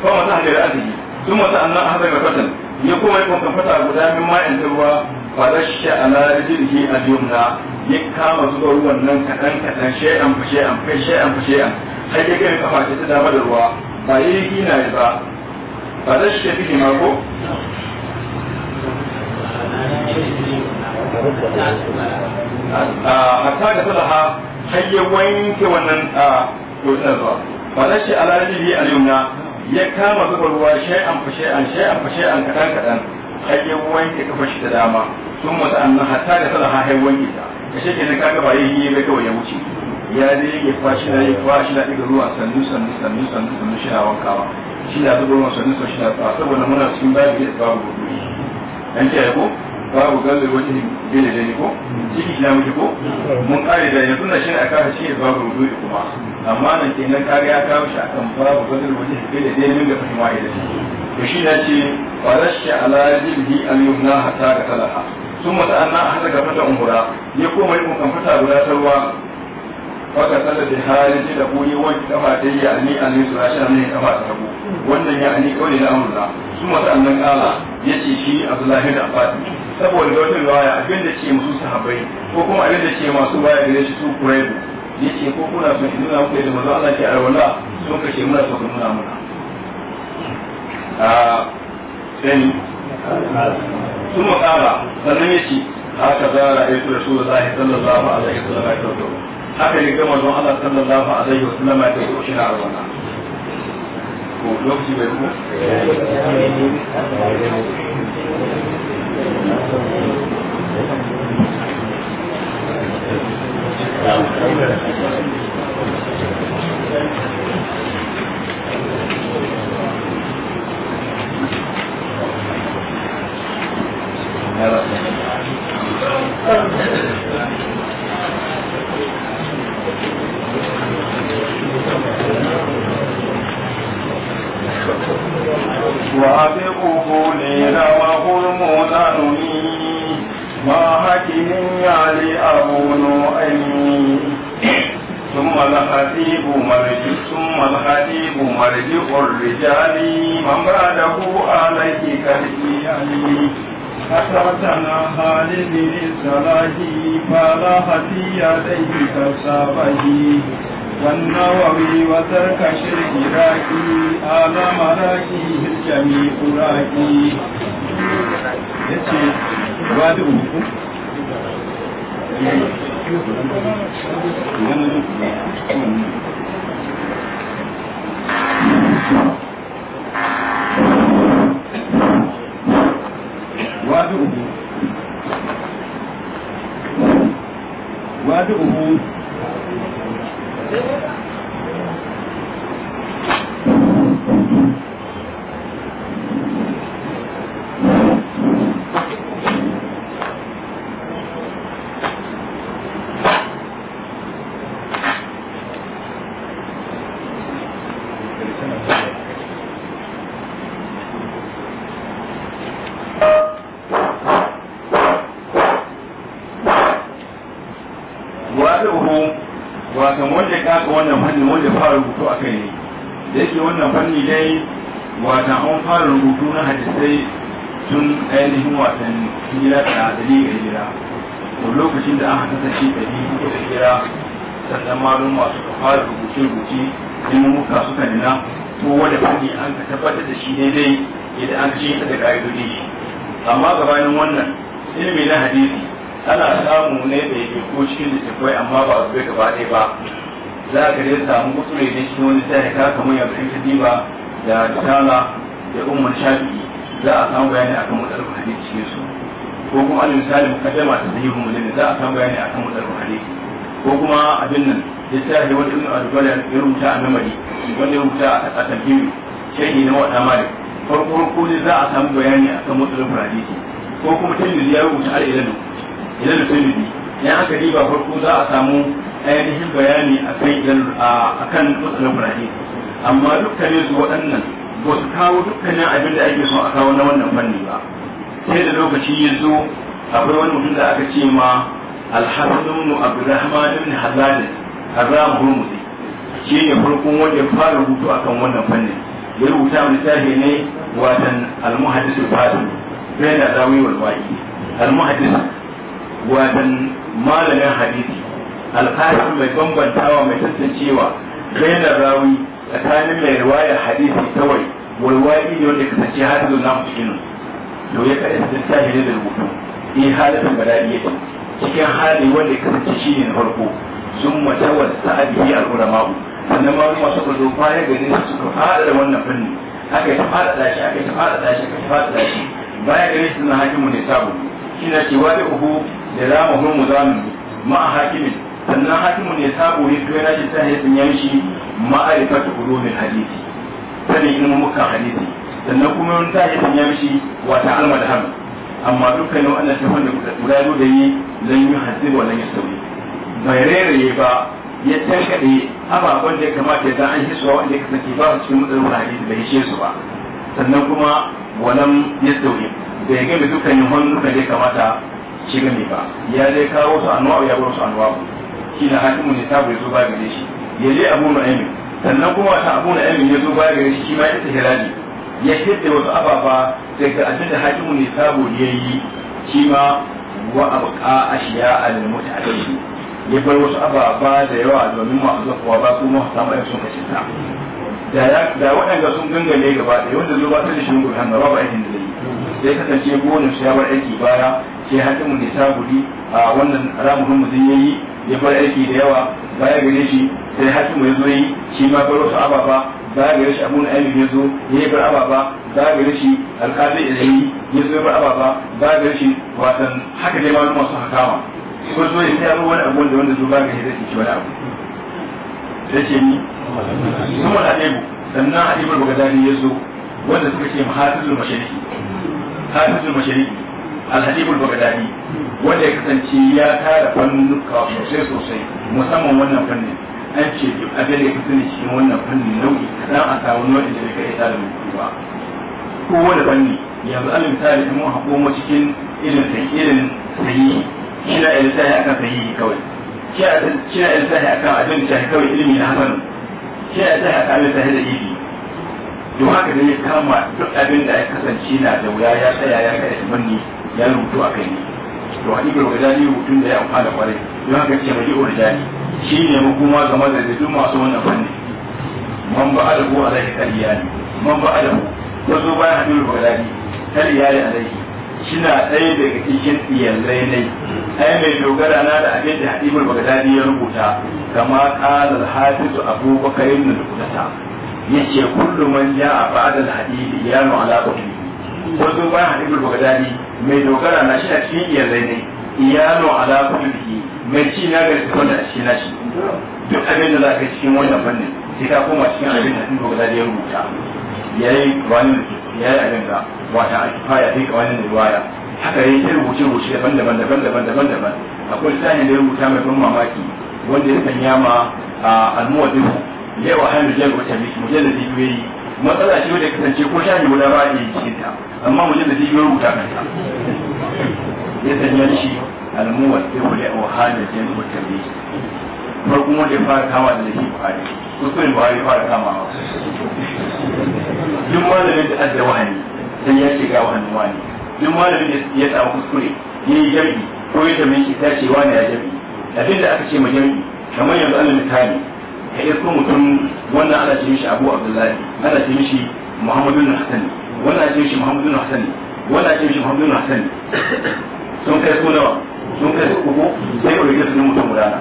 fa wata hajjar azumi duk wata annan hada ga fatan ya kuma yi kwamfan fata guda min ma'in da ruwa farasha ala jirgi a yumna ya kama zuba ruwan nan kaɗan kadan shay'an fa shay'an fa shay'an fa shay'an sai ya kai kafa ta dama da ruwa ba yi kina ba farasha bihi ma mako. a ta ga salaha har ya wanke wannan a ba ba za shi ala rajuli a yumna ya kama zuba ruwa an fa shai an fa an kadan kadan har ya wanke kafa shi da dama sun mata na hatta da salaha har wanke ta da shi kenan kaka ba yayi yi kawai ya wuce ya dai ya kwashi na ya kwashi na ɗiga ruwa sannu sannu sannu sannu sannu shi na wankawa shi na zuba ruwan sannu sannu shi na saboda muna cikin babu babu ruwa an ce ko babu gallar wajen gina da ne ko ciki na mutu ko mun kare da yanzu na shirin a kawo shi babu rubu da kuma amma nan nan kare ya kawo shi akan babu gallar wajen gina da ne da fahimwa ya dace to shi na ce farashi ala jilhi al-yumna hatta da talaha sun mata an na hada gafata umura ya koma yi kuma kamfata guda ta ruwa waka tsada da hali ce da kuni wanki kama ta yi ani an yi sura shan ne ta tabo wannan ya ni kawai na amurna su masu annan kala ya ce shi abdullahi da abadi saboda wata riwaya abin da ce musu sahabbai ko kuma abin da ce masu baya gare shi su kuraibu ya ce ko kuna son shi nuna muku yadda mazu Allah ke arwala sun kashe muna so nuna muna ah, sani sun makara sannan ya ce haka a ra'ayi su sallallahu alaihi haka ne ga manzon Allah sallallahu alaihi wasallam ya ce shi na arwana ko lokaci bai ku Thank you. وأبقه لنا وهرمنا نمي ما حكمي علي أبو نعيم ثم الخطيب مرجع ثم الخطيب مرجع الرجال من بعده عليه كالإيمان أتركنا خالد للصلاة فلا خفي عليه كصابه والنووي وترك شرك راكي آل مراكي الجميع راكي Thank you. وادعه وادعه ciki ilmuka suka nuna ko wanda fadi an ka tabbatar da shi daidai idan an ci da ka'idodi shi amma gabanin wannan ilimi na hadisi ana samu ne da yake ko cikin littattafai amma ba su bai gaba ɗaya ba za ka dai samu kuskure da shi wani sai ka kamar ya fahimta diba da risala da umar shafi'i za a samu bayani akan matsalar hadisi cikin su ko kuma alin misali mukaddama ta sahihu mulin za a samu bayani akan matsalar hadisi ko kuma abin nan littafi da wani ibn ya rubuta a namari wanda ya rubuta a tafhimi shehi na wada malik farko ko ne za a samu bayani akan matsalar hadisi ko kuma tilmizi ya rubuta al ilal ilal tilmizi idan aka diba farko za a samu ainihin bayani akan akan matsalar hadisi amma dukkanin su waɗannan ba su kawo dukkanin abin da ake so a kawo na wannan fanni ba sai da lokaci ya zo akwai wani mutum da aka ce ma alhassan ibn abdurrahman ibn hazalin azam burmuzi shi ne farkon wanda ya fara rubutu akan wannan fannin ya rubuta mu tafi ne watan al-muhaddis al-fasil sai da zawi wal waqi al watan malamin hadisi al mai bambantawa mai tantancewa sai da rawi tsakanin mai riwayar hadisi kawai wal waqi ne wanda kasance hadisin namu cikin to ya kai littafi ne da rubutu in eh, halatin bada'iyya cikin hali wanda kasance shi ne na farko sun wata wata abiyi al'ulama'u sannan ma kuma suka zo baya gare su suka fada da wannan fanni aka ta fada shi aka ta fada shi aka yi fada shi baya gare su na hakimu ne sabu shi na cewa wani uku da za mu hurmu za mu ma a hakimin sannan hakimu ne sabu ne to yana ce ta ya sun yamshi ma'arifatu ulumul hadisi sanin muka hadisi sannan kuma wani ta ya sun yamshi wata almadham amma dukkanin wannan tafan da guda da yi lan yi hadisi wa lan yi sauri mai rairaye ba ya tarkaɗe ababen da ya kamata ya an shi suwa wanda ya kasance ba su cikin matsalar hadisi bai shi su ba sannan kuma walam ya sauke da ya gami dukkanin hannun da ya kamata shi gami ba ya dai kawo su anwa'u ya bar su anwa'u shi na hakimu ne tabu ya zo baya gare shi ya je abu na aimin sannan kuma ta abu na aimin ya zo ba gare shi shi ma ya ta hirali ya shirya wasu ababa daga abin da hakimu ne tabu ya yi shi ma wa abuka ashiya al-mutaqin ya bar wasu ababa da yawa domin mu azafuwa ba su mu samu sun kashin ta da waɗanda sun gangane gaba da wanda zuwa ta da shi gudan gaba ba aikin da zai sai kasance gonin su ya bar aiki baya sai haɗin mu nisa guri a wannan ramu mu zai yi ya bar aiki da yawa baya gare shi sai haɗin mu ya zo yi shi ma bar wasu ababa baya gare shi abun ayyukan ya zo ya bar ababa baya gare shi alƙalin ya yi ya zo ya bar ababa baya gare shi watan haka dai ma masu hakama ko so ya tsaya wani abu wanda wanda su ba ga hidda shi wani abu sai ce ni kuma da ɗaya sannan a ɗibar bagadani ya zo wanda suka ce mahafizul mashariki hafizul mashariki alhadibul bagadani wanda ya kasance ya tara fannin fannuka sosai sosai musamman wannan fannin an ce duk abin da ya kasance cikin wannan fannin nau'i kaɗan a samu nau'in da ya kai tsarin ba kowane fanni yanzu alal ta in mun haƙo cikin irin irin sayi shi na lissafi akan sahihi kawai shi na lissafi akan abin da kawai ilimi na hasanin shi na akan akan lissafi da ibi don haka da ya kama duk abin da ya kasance na da wuya ya tsaya ya kai shi manni ya rubutu a kai ne to hadisi ga gani rubutun da ya amfana kwarai don haka ce mai yi'ur jani shi ne hukuma game da duk masu wannan fanni man ba alahu alaihi kaliyani man ba alahu wasu bayan hadisi ga gani kaliyani alaihi shina ɗaya daga cikin iyalai ne ai mai dogara na da abin da hadimul bagdadi ya rubuta kama qala al-hafiz abubakar ibn al-qudata yace kullu man jaa ba'da al-hadidi nu ala qutbi duk ba hadimul bagdadi mai dogara na shi a cikin iyalai ne iyanu ala qutbi mai ci na ga cikin da shi na shi duk abin da zaka cikin wannan fannin sai ka koma cikin abin da hadimul bagdadi ya rubuta yayi wani ya yi abin da wata a kifa ya fi kawai da riwaya haka ya yi rubuce rubuce daban daban daban daban daban daban akwai sani da ya rubuta mai ban mamaki wanda ya sanya ma almuwaddifu yawa an rijal wata miki mujalladi biyu yi matsala ce wanda kasance ko shani guda ba ya yi cikin ta amma mujalladi biyu rubuta ta ya sanya shi almuwaddifu ya wa hanyar jal wata miki farkon wanda ya fara kama da lahi buhari kusurin buhari fara kama duk malamin da adda wa'ani sai ya ce ga wa'ani duk malamin da ya samu kuskure ya yi jami'i ko ya tambaye shi ta ce wani ya jami'i abin da aka ce ma jami'i kamar yanzu alal misali ka iso mutum wannan ana ce mishi abu abdullahi ana ce mishi muhammadu na hasani wannan ce mishi muhammadu na hasani wannan ce mishi muhammadu na hasani sun kai sunawa sun kai uku sai ku rike su mutum gudana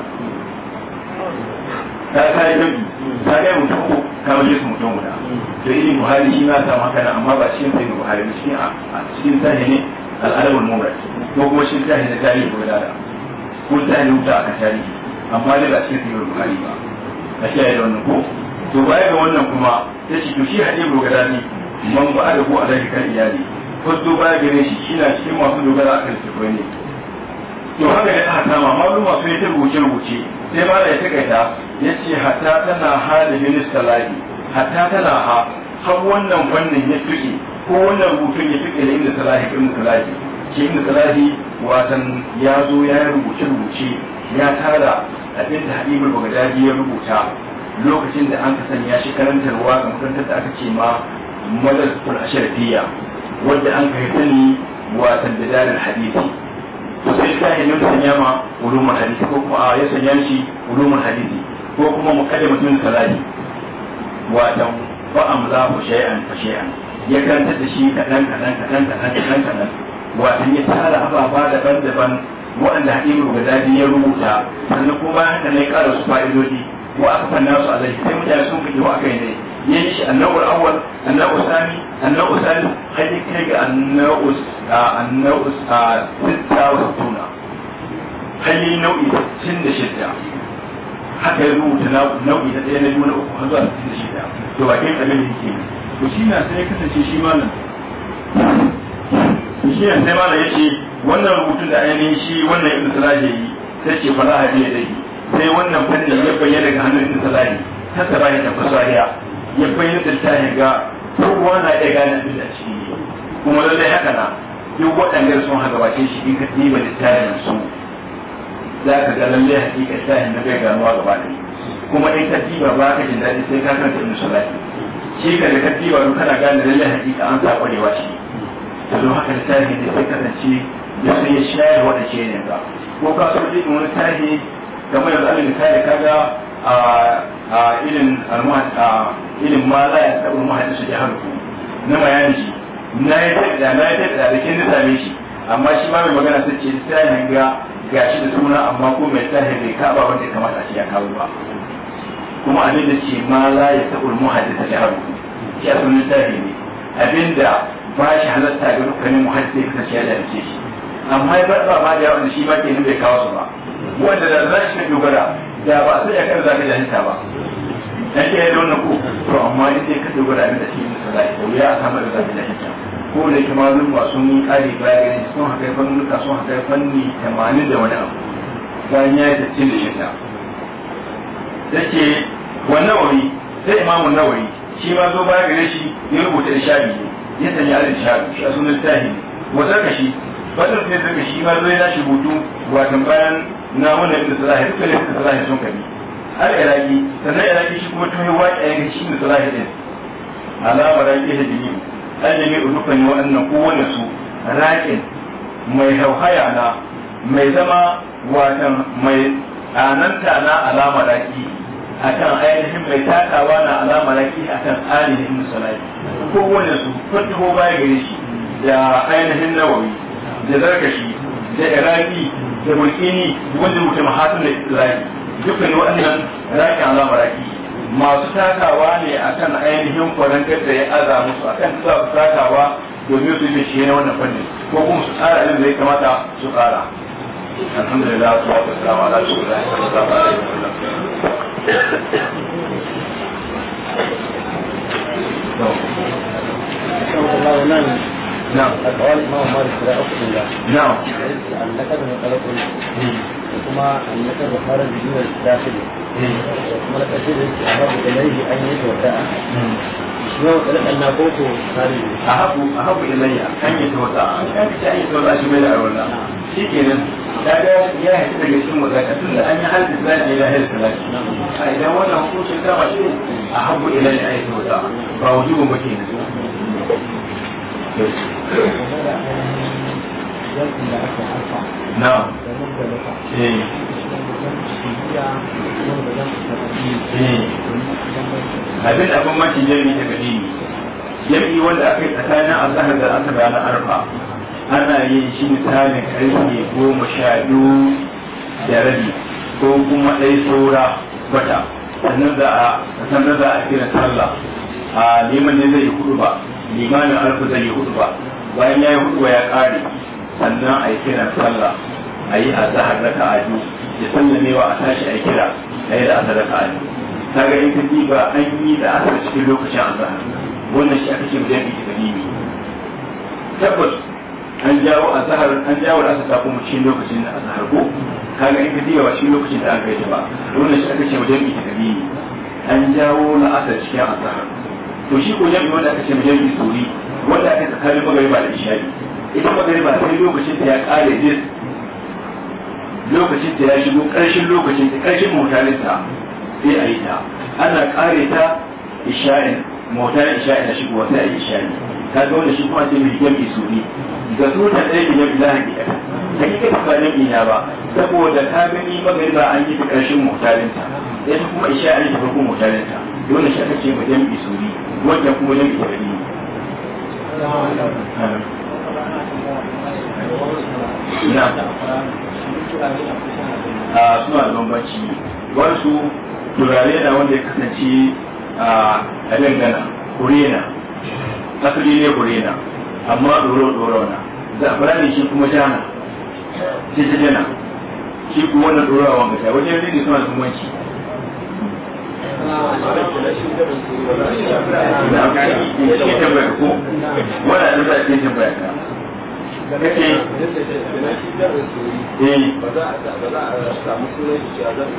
ta kai jami ta kai mutum ko ta waje su mutum guda to irin buhari shi na samu haka amma ba shi sai buhari ba shi a cikin sahi ne al'adabul mumrad ko kuma shi ta ne tarihi ko da ko ta ne wuta aka tarihi amma dai ba shi sai buhari ba a shi da wannan ko to baya ga wannan kuma ya ce to shi hadin dogara ne man ba da ko a zai kan iyali ko to baya gare shi shi na cikin masu dogara akan sifai ne to haka dai aka ma maluma sun yi ta rubuce rubuce sai ma da ya takaita ya ce hatta tana ha da minista labi hatta tana ha har wannan fannin ya tuke ko wannan rubutun ya tuke da inda salahi ibn salahi ke inda salahi watan ya zo ya rubuce rubuce ya tara abin da habibul bagdadi ya rubuta lokacin da an kasanya shi karantarwa ga makarantar da aka ce ma madrasatul asharfiyya wadda an kai sani watan da dalil hadisi sai littafin ya sanya ma ulumul hadisi ko kuma ya sanya shi ulumul hadisi ko kuma mu muqaddimatul salati wato fa amlahu shay'an fa shay'an ya karanta da shi kadan kadan kadan kadan kadan kadan wato ya tara ababa daban-daban waɗanda Hakimu Gadadi ya rubuta sannan kuma haka ne ƙara su fa'idodi wa aka fanna su alai sai mutane sun fito a kai ne ya yi shi annawar awwal annawu sami annawu sani har ya kai ga annawu annawu sitta wa tuna hali nau'i sittin da shidda haka ya rubuta nau'i na ɗaya na biyu na uku har da shidda to shi na sai ya kasance shi shi ce wannan rubutun da ainihin shi wannan ibn salahi sai ce fa za a biya ne wannan fannin ya bayyana ga hannun ta salari ta salari da fasariya ya bayyana da ta ga kowa na iya gane su da shi kuma lallai haka na duk waɗanda sun haka bakin shi in ka ɗiba littafin su za ka ga lallai hakika yi na bai ganuwa gaba ɗaya kuma in ka ɗiba ba ka jin daɗi sai ka kanta ibn sulaki shi ka da ka ba don kana gane lallai hakika an sa ƙwarewa shi to don haka littafin da sai kasance da sai ya shayar waɗance ne ba ko ka so ɗin wani tarihi kamar yanzu alin misali kaga a ilin irin ma la ya tabu muhaddis shi hannu na bayani shi na yi da na yi tada da kin da shi amma shi ma mai magana sai ce sai ya ga gashi da suna amma ko mai tahin bai kaba wanda ya kamata a ce ya kawo ba kuma abin da ce ma la ya tabu muhaddis shi hannu ya sunan tahin ne abinda ba shi halatta ga dukkanin muhaddis ka kasance ya dace shi amma ya ba ma da wanda shi ma ke bai kawo su ba wanda da za shi dogara da ba su ya kan zaka jahilta ba dan ke da wannan ko to amma in dai ka dogara da shi ne sai da wuya a samu da zaka jahilta ko da kuma mun ba sun kare baya gani sun haka fannin ka sun haka fanni 80 da wani abu bayan ya ta cin da ta yake wannan wuri sai imamu nawawi shi ma zo baya gare shi ya rubuta shafi ya sanya al shafi shi sunan tahi wa saka shi wannan sai zai shi ma zai nashi hutu watan bayan na wannan ibn salahi duka ne inda salahi sun kabi har iraki sannan iraki shi kuma tuni yawa a yankin shi ibn salahi din alamar raki da jini an jami udukan yi waɗannan kowane su raƙin mai hauhaya na mai zama watan mai ananta na alamar raki akan ainihin mai takawa na alamar raki akan alihin salahi kowane su tun yawa baya gare shi da ainihin nawawi da zarkashi da iraki da mulkini wanda mutum hatun da islami dukkan waɗannan raki an zama raki masu takawa ne akan ainihin kwanan da ya aza musu akan kan su takawa domin su yi shi na wannan fannin ko kuma su tsara abin da ya kamata su tsara alhamdulillah su wasu salamu ala su da ya نعم kuma an yi ta buhari da juyar da a haɓu da laifi na koko tsari a haɓu a yi ta an yi ta yi ta da a an yi da za da yi da za a yi da za a yi na hal a yi da za a yi na hal a yi da za a yi a yi na hal a yi na hal a yi na a yi na hal a yi da a yi na hal da za da za a yi na hal da za a yi na hal da yi na a yi da za a yi na hal da za a yi na na hal a yi na hal a yi na hal da za a yi yi na eh. eh. abin da abin mace jami da kadimi jami wanda aka yi tsakanin azahar da aka na arfa ana yin shi misalin karfe goma sha biyu da rabi ko kuma ɗaya saura wata sannan za a kira sallah a neman ne zai yi hudu ba limanin alfuzari ba bayan ya yi hutuba ya kare sannan a yi kiran sallah a yi a zahar raka a biyu ya sallamewa a tashi a yi kira a yi da asar raka a biyu ta ga in ka diba an yi da asar cikin lokacin azhar wannan shi aka ce mu jami'i da nimi tabbas an jawo a zahar an jawo da asar ta kuma cikin lokacin da a zahar ko kaga in ka diba cikin lokacin da an kai ta ba wannan shi aka ce mu jami'i da nimi an jawo na asar cikin azhar to shi ko jami'i wanda aka ce mu jami'i sauri wanda aka tsakanin magariba da ishari ita magariba sai lokacin ta ya kare jin lokacin ta ya shigo karshen lokacin ta karshen mutanen ta sai a yi ta ana kare ta isharin mutanen ishari na shigo wata a yi ishari ta ga wanda shi kuma sai mai jami'i sauri ga sunan ɗaya ke jami'i lahadi da kike ba jami'i na ba saboda ka gani magariba an yi ta karshen mutanen ta sai kuma isharin ta farko mutanen ta dole shi aka ce mu jami'i sauri Wajen kuma ne ke rani na a ah, suna da bambanci wasu turare na wanda ya kasance ah, a dangana kurena asali ne kurena amma doro-doro na zafarani shi kuma jana shi ta jana shi kuma wannan doro a wangata wajen rini suna da bambanci wala da za a ce tambaya ka kake eh ba za a samu sunan shi a zan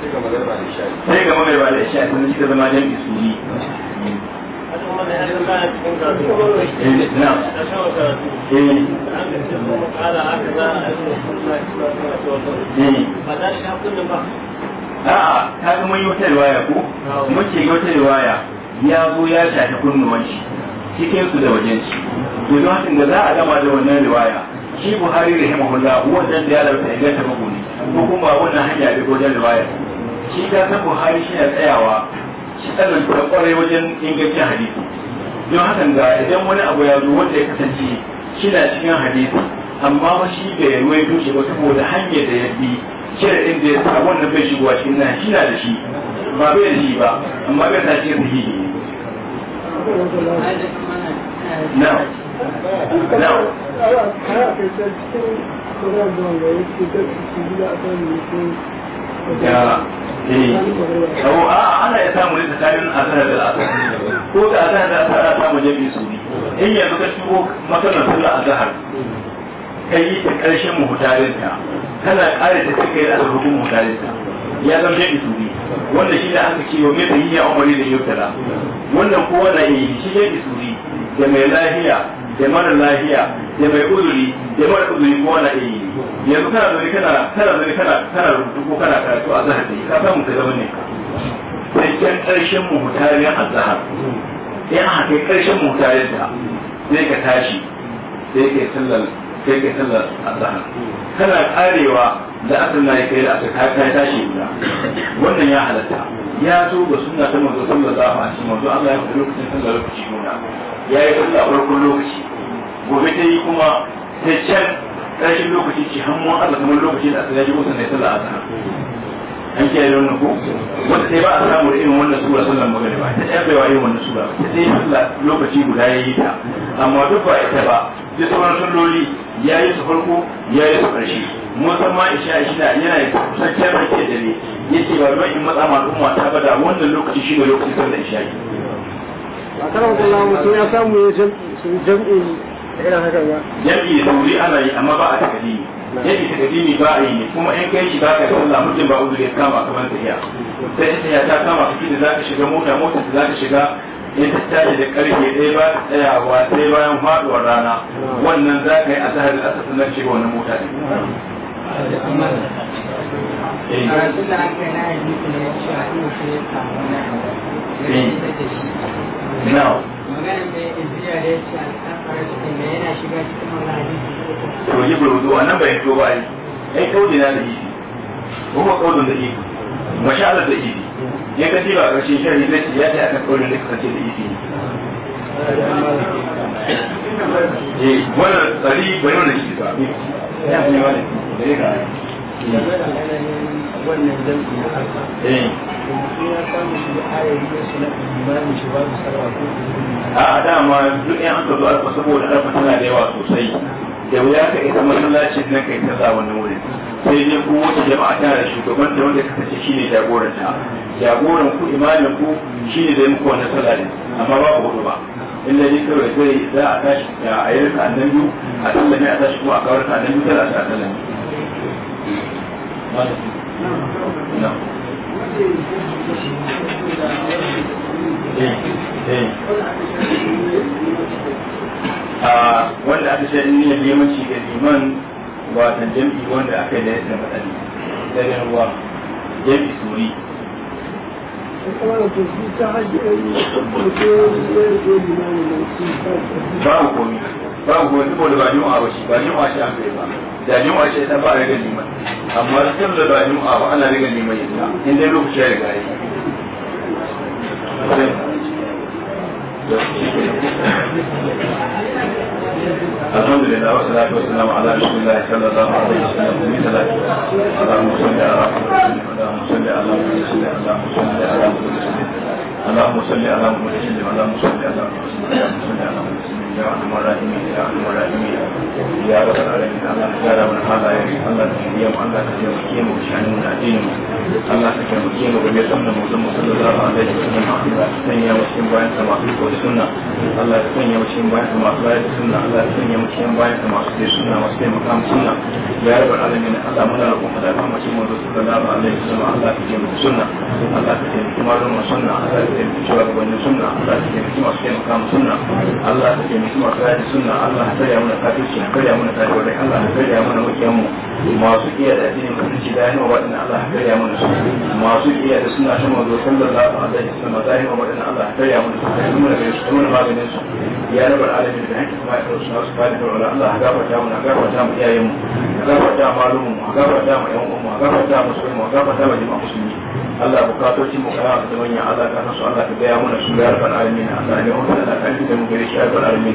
sai ga magarba da shayi sai ga magarba da shayi sun ji da zama jan isuri نعم. a'a ka ga mun yi wata riwaya ko mun ce wata riwaya ya zo ya shafi kunnuwan shi cikin su da wajen shi to don haka da za a gama da wannan riwaya shi Buhari rahimahullah wannan da ya lauta inganta maguni ko kuma wannan hanya da wajen riwaya shi ka san Buhari shi na tsayawa shi tsanan da kwarai wajen ingancin hadisi don haka ga idan wani abu ya zo wanda ya kasance shi na cikin hadisi amma ba shi bai ruwaito shi ba saboda hanyar da ya bi sharaɗin da ya sa wannan bai shigowa cikin nan shi na da shi ba bai da shi ba amma bai sa cikin sahihi ne na na ya eh abu a ana ya samu ne tsakanin azhar da asar ko da azhar da asar ana samu jami'i su in yanzu ka shigo ka yi ta ƙarshen muhutarinta kana ƙara ta kai da alhukun muhutarinta ya zama jami'i turi wanda shi da aka ce wa mai tayi ya umari da yautara wannan kowa na yi shi jami'i turi da mai lahiya da mara lahiya da mai uzuri da mara uzuri kowa na yi yanzu kana zuri kana kana zuri kana kana rubutu ko kana karatu a zahar ka samu ka zama ne cikakken ƙarshen muhutarin a zahar in aka kai ƙarshen muhutarinta zai ka tashi sai ka sallar sai ka sallar azhar kana karewa da asar na kai da asar ka tashi guda wannan ya halatta ya zo ga suna ta manzo sallallahu a wasallam manzo Allah ya faɗi lokacin sallar lokaci guda ya yi sallar farkon lokaci gobe ta yi kuma ta can rashin lokaci ci hannun Allah kamar lokacin da asar ya ji musan ne sallar azhar an kiyaye wannan ko wata sai ba a samu da irin wannan sura sallan magana ba ta tsaye baiwa irin wannan sura ta sai sallah lokaci guda ya yi ta amma duk ba ita ba duk sauran salloli ya yi su farko ya yi su ƙarshe musamman isha shida yana kusanciyar rake da ne ya ce ba in matsa ma al'umma ta bada wannan lokaci shi ne lokacin sallar isha yi. a karan kullum mutum ya samu ya jam'i irin haka ba. jam'i da wuri ana yi amma ba a takadimi yadda ta kadimi ba a yi kuma in kai shi ba ka sallah mutum ba uzuri ya kama kamar ta iya sai in tahiya ta kama kaki da za ka shiga mota mota za ka shiga in ta tashi da karfe ɗaya ba tsayawa sai bayan faɗuwar rana wannan za ka yi a asahar da asa sannan shiga wannan mota eh. ne. Now. Maganin da ya izziya da ya ce alƙafar cikin da yana shiga cikin wani hadisi to yi burbudu wannan bai to ba yi ai kauli na da yi ko kuma kaulin da yi mashalar da yi ya ba karshe ya ce akan kaulin da kace da yi eh wannan tsari bai wannan shi ba ya ne wannan eh. da ya ga da a dama duk yan an ka zo saboda harfa tana da yawa sosai yau ya ka isa masallaci na ka isa sa wannan wurin sai ne ku wata jama'a ta da shugaban da wanda kasance shi ne jagoran ta jagoran ku imamin ku shi ne zai muku wannan sallah ne amma babu hudu ba illa ne kawai zai za a tashi a yi rasa annan biyu a sallame a tashi ko a kawar ka annan biyu tana a sallame. No. Eh, eh. a wanda aka shaɗi ne limanci da liman ba ta jam'i wanda aka yi da yadda matsali da ruwa jam'i suri babu komi babu komi saboda ba jumu'a ba shi ba jumu'a shi an bai ba da jumu'a shi ta ba a riga liman amma sun da ba jumu'a ba ana riga liman yadda in dai lokaci ya riga ya yi الحمد لله والصلاة والسلام على رسول الله صلى الله عليه وسلم اللهم صل على محمد اللهم صل على محمد اللهم صل على محمد اللهم صل على محمد اللهم صل على محمد اللهم صل على يا أرحم الراحمين يا أرحم الراحمين يا رب العالمين الله تعالى من هذا يا الله تكريم الله تكريم وشأننا ديننا الله تكريم وبيتنا مسلم صلى الله عليه وسلم سنيا وشين باين سما فيك والسنة الله سنيا وشين باين سما فيك السنة الله سنيا وشين باين سما فيك السنة وسنيا مقام سنة يا رب العالمين الله منا ربنا هذا ما شيء من صلى الله عليه وسلم الله تكريم السنة الله تكريم كمال السنة الله تكريم شباب السنة الله تكريم كما سنة الله تكريم mutum a kayan suna Allah ha tsaya mana kafirci ha tsaya mana tare wadai Allah ha tsaya mana wakiyan mu masu iya da addinin mutunci da yana waɗanda Allah ha tsaya mana su masu iya da suna shan mazo sallallahu alaihi wasallam da yana waɗanda Allah ha tsaya mana su da mana gare su mana maganin su ya rabar alamin da hakki kuma ya kawo su nasu fadi da wala Allah ha gafarta mu ha gafarta mu iyayen mu ha gafarta malumin mu ha gafarta mu ƴan uwan mu ha gafarta mu su mu ha gafarta mu jama'a musulmi Allah bukatoci mu kana da manyan Allah ka san su Allah ka gaya mana su ya ban alamin Allah ne wannan Allah kan da mu gare shi ban alamin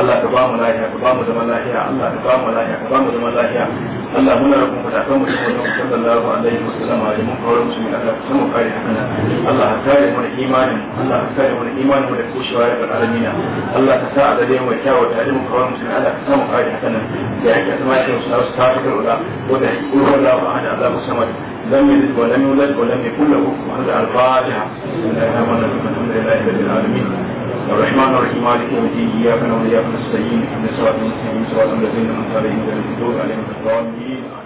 Allah ka ba mu lafiya ka ba mu zaman lafiya Allah ka ba mu lafiya ka ba mu zaman lafiya Allah muna roƙon ka kan mu sallallahu alaihi wasallam da mu kawar mu min Allah kuma kare haka Allah ka kare mu imanin Allah ka kare mu da imanin mu da kushewa rabbal alamin Allah ka sa da dai mu kyawu da mu kawar mu min Allah ka kuma kare haka da yake asma ce su ta ta da wanda ya yi Allah ba hada Allah musamman لم يلد ولم يولد ولم يكن له كفوا احد الفاتحه الحمد لله رب العالمين الرحمن الرحيم مالك يوم الدين اياك نعبد واياك نستعين اهدنا الصراط المستقيم صراط الذين انعمت عليهم غير المغضوب عليهم ولا الضالين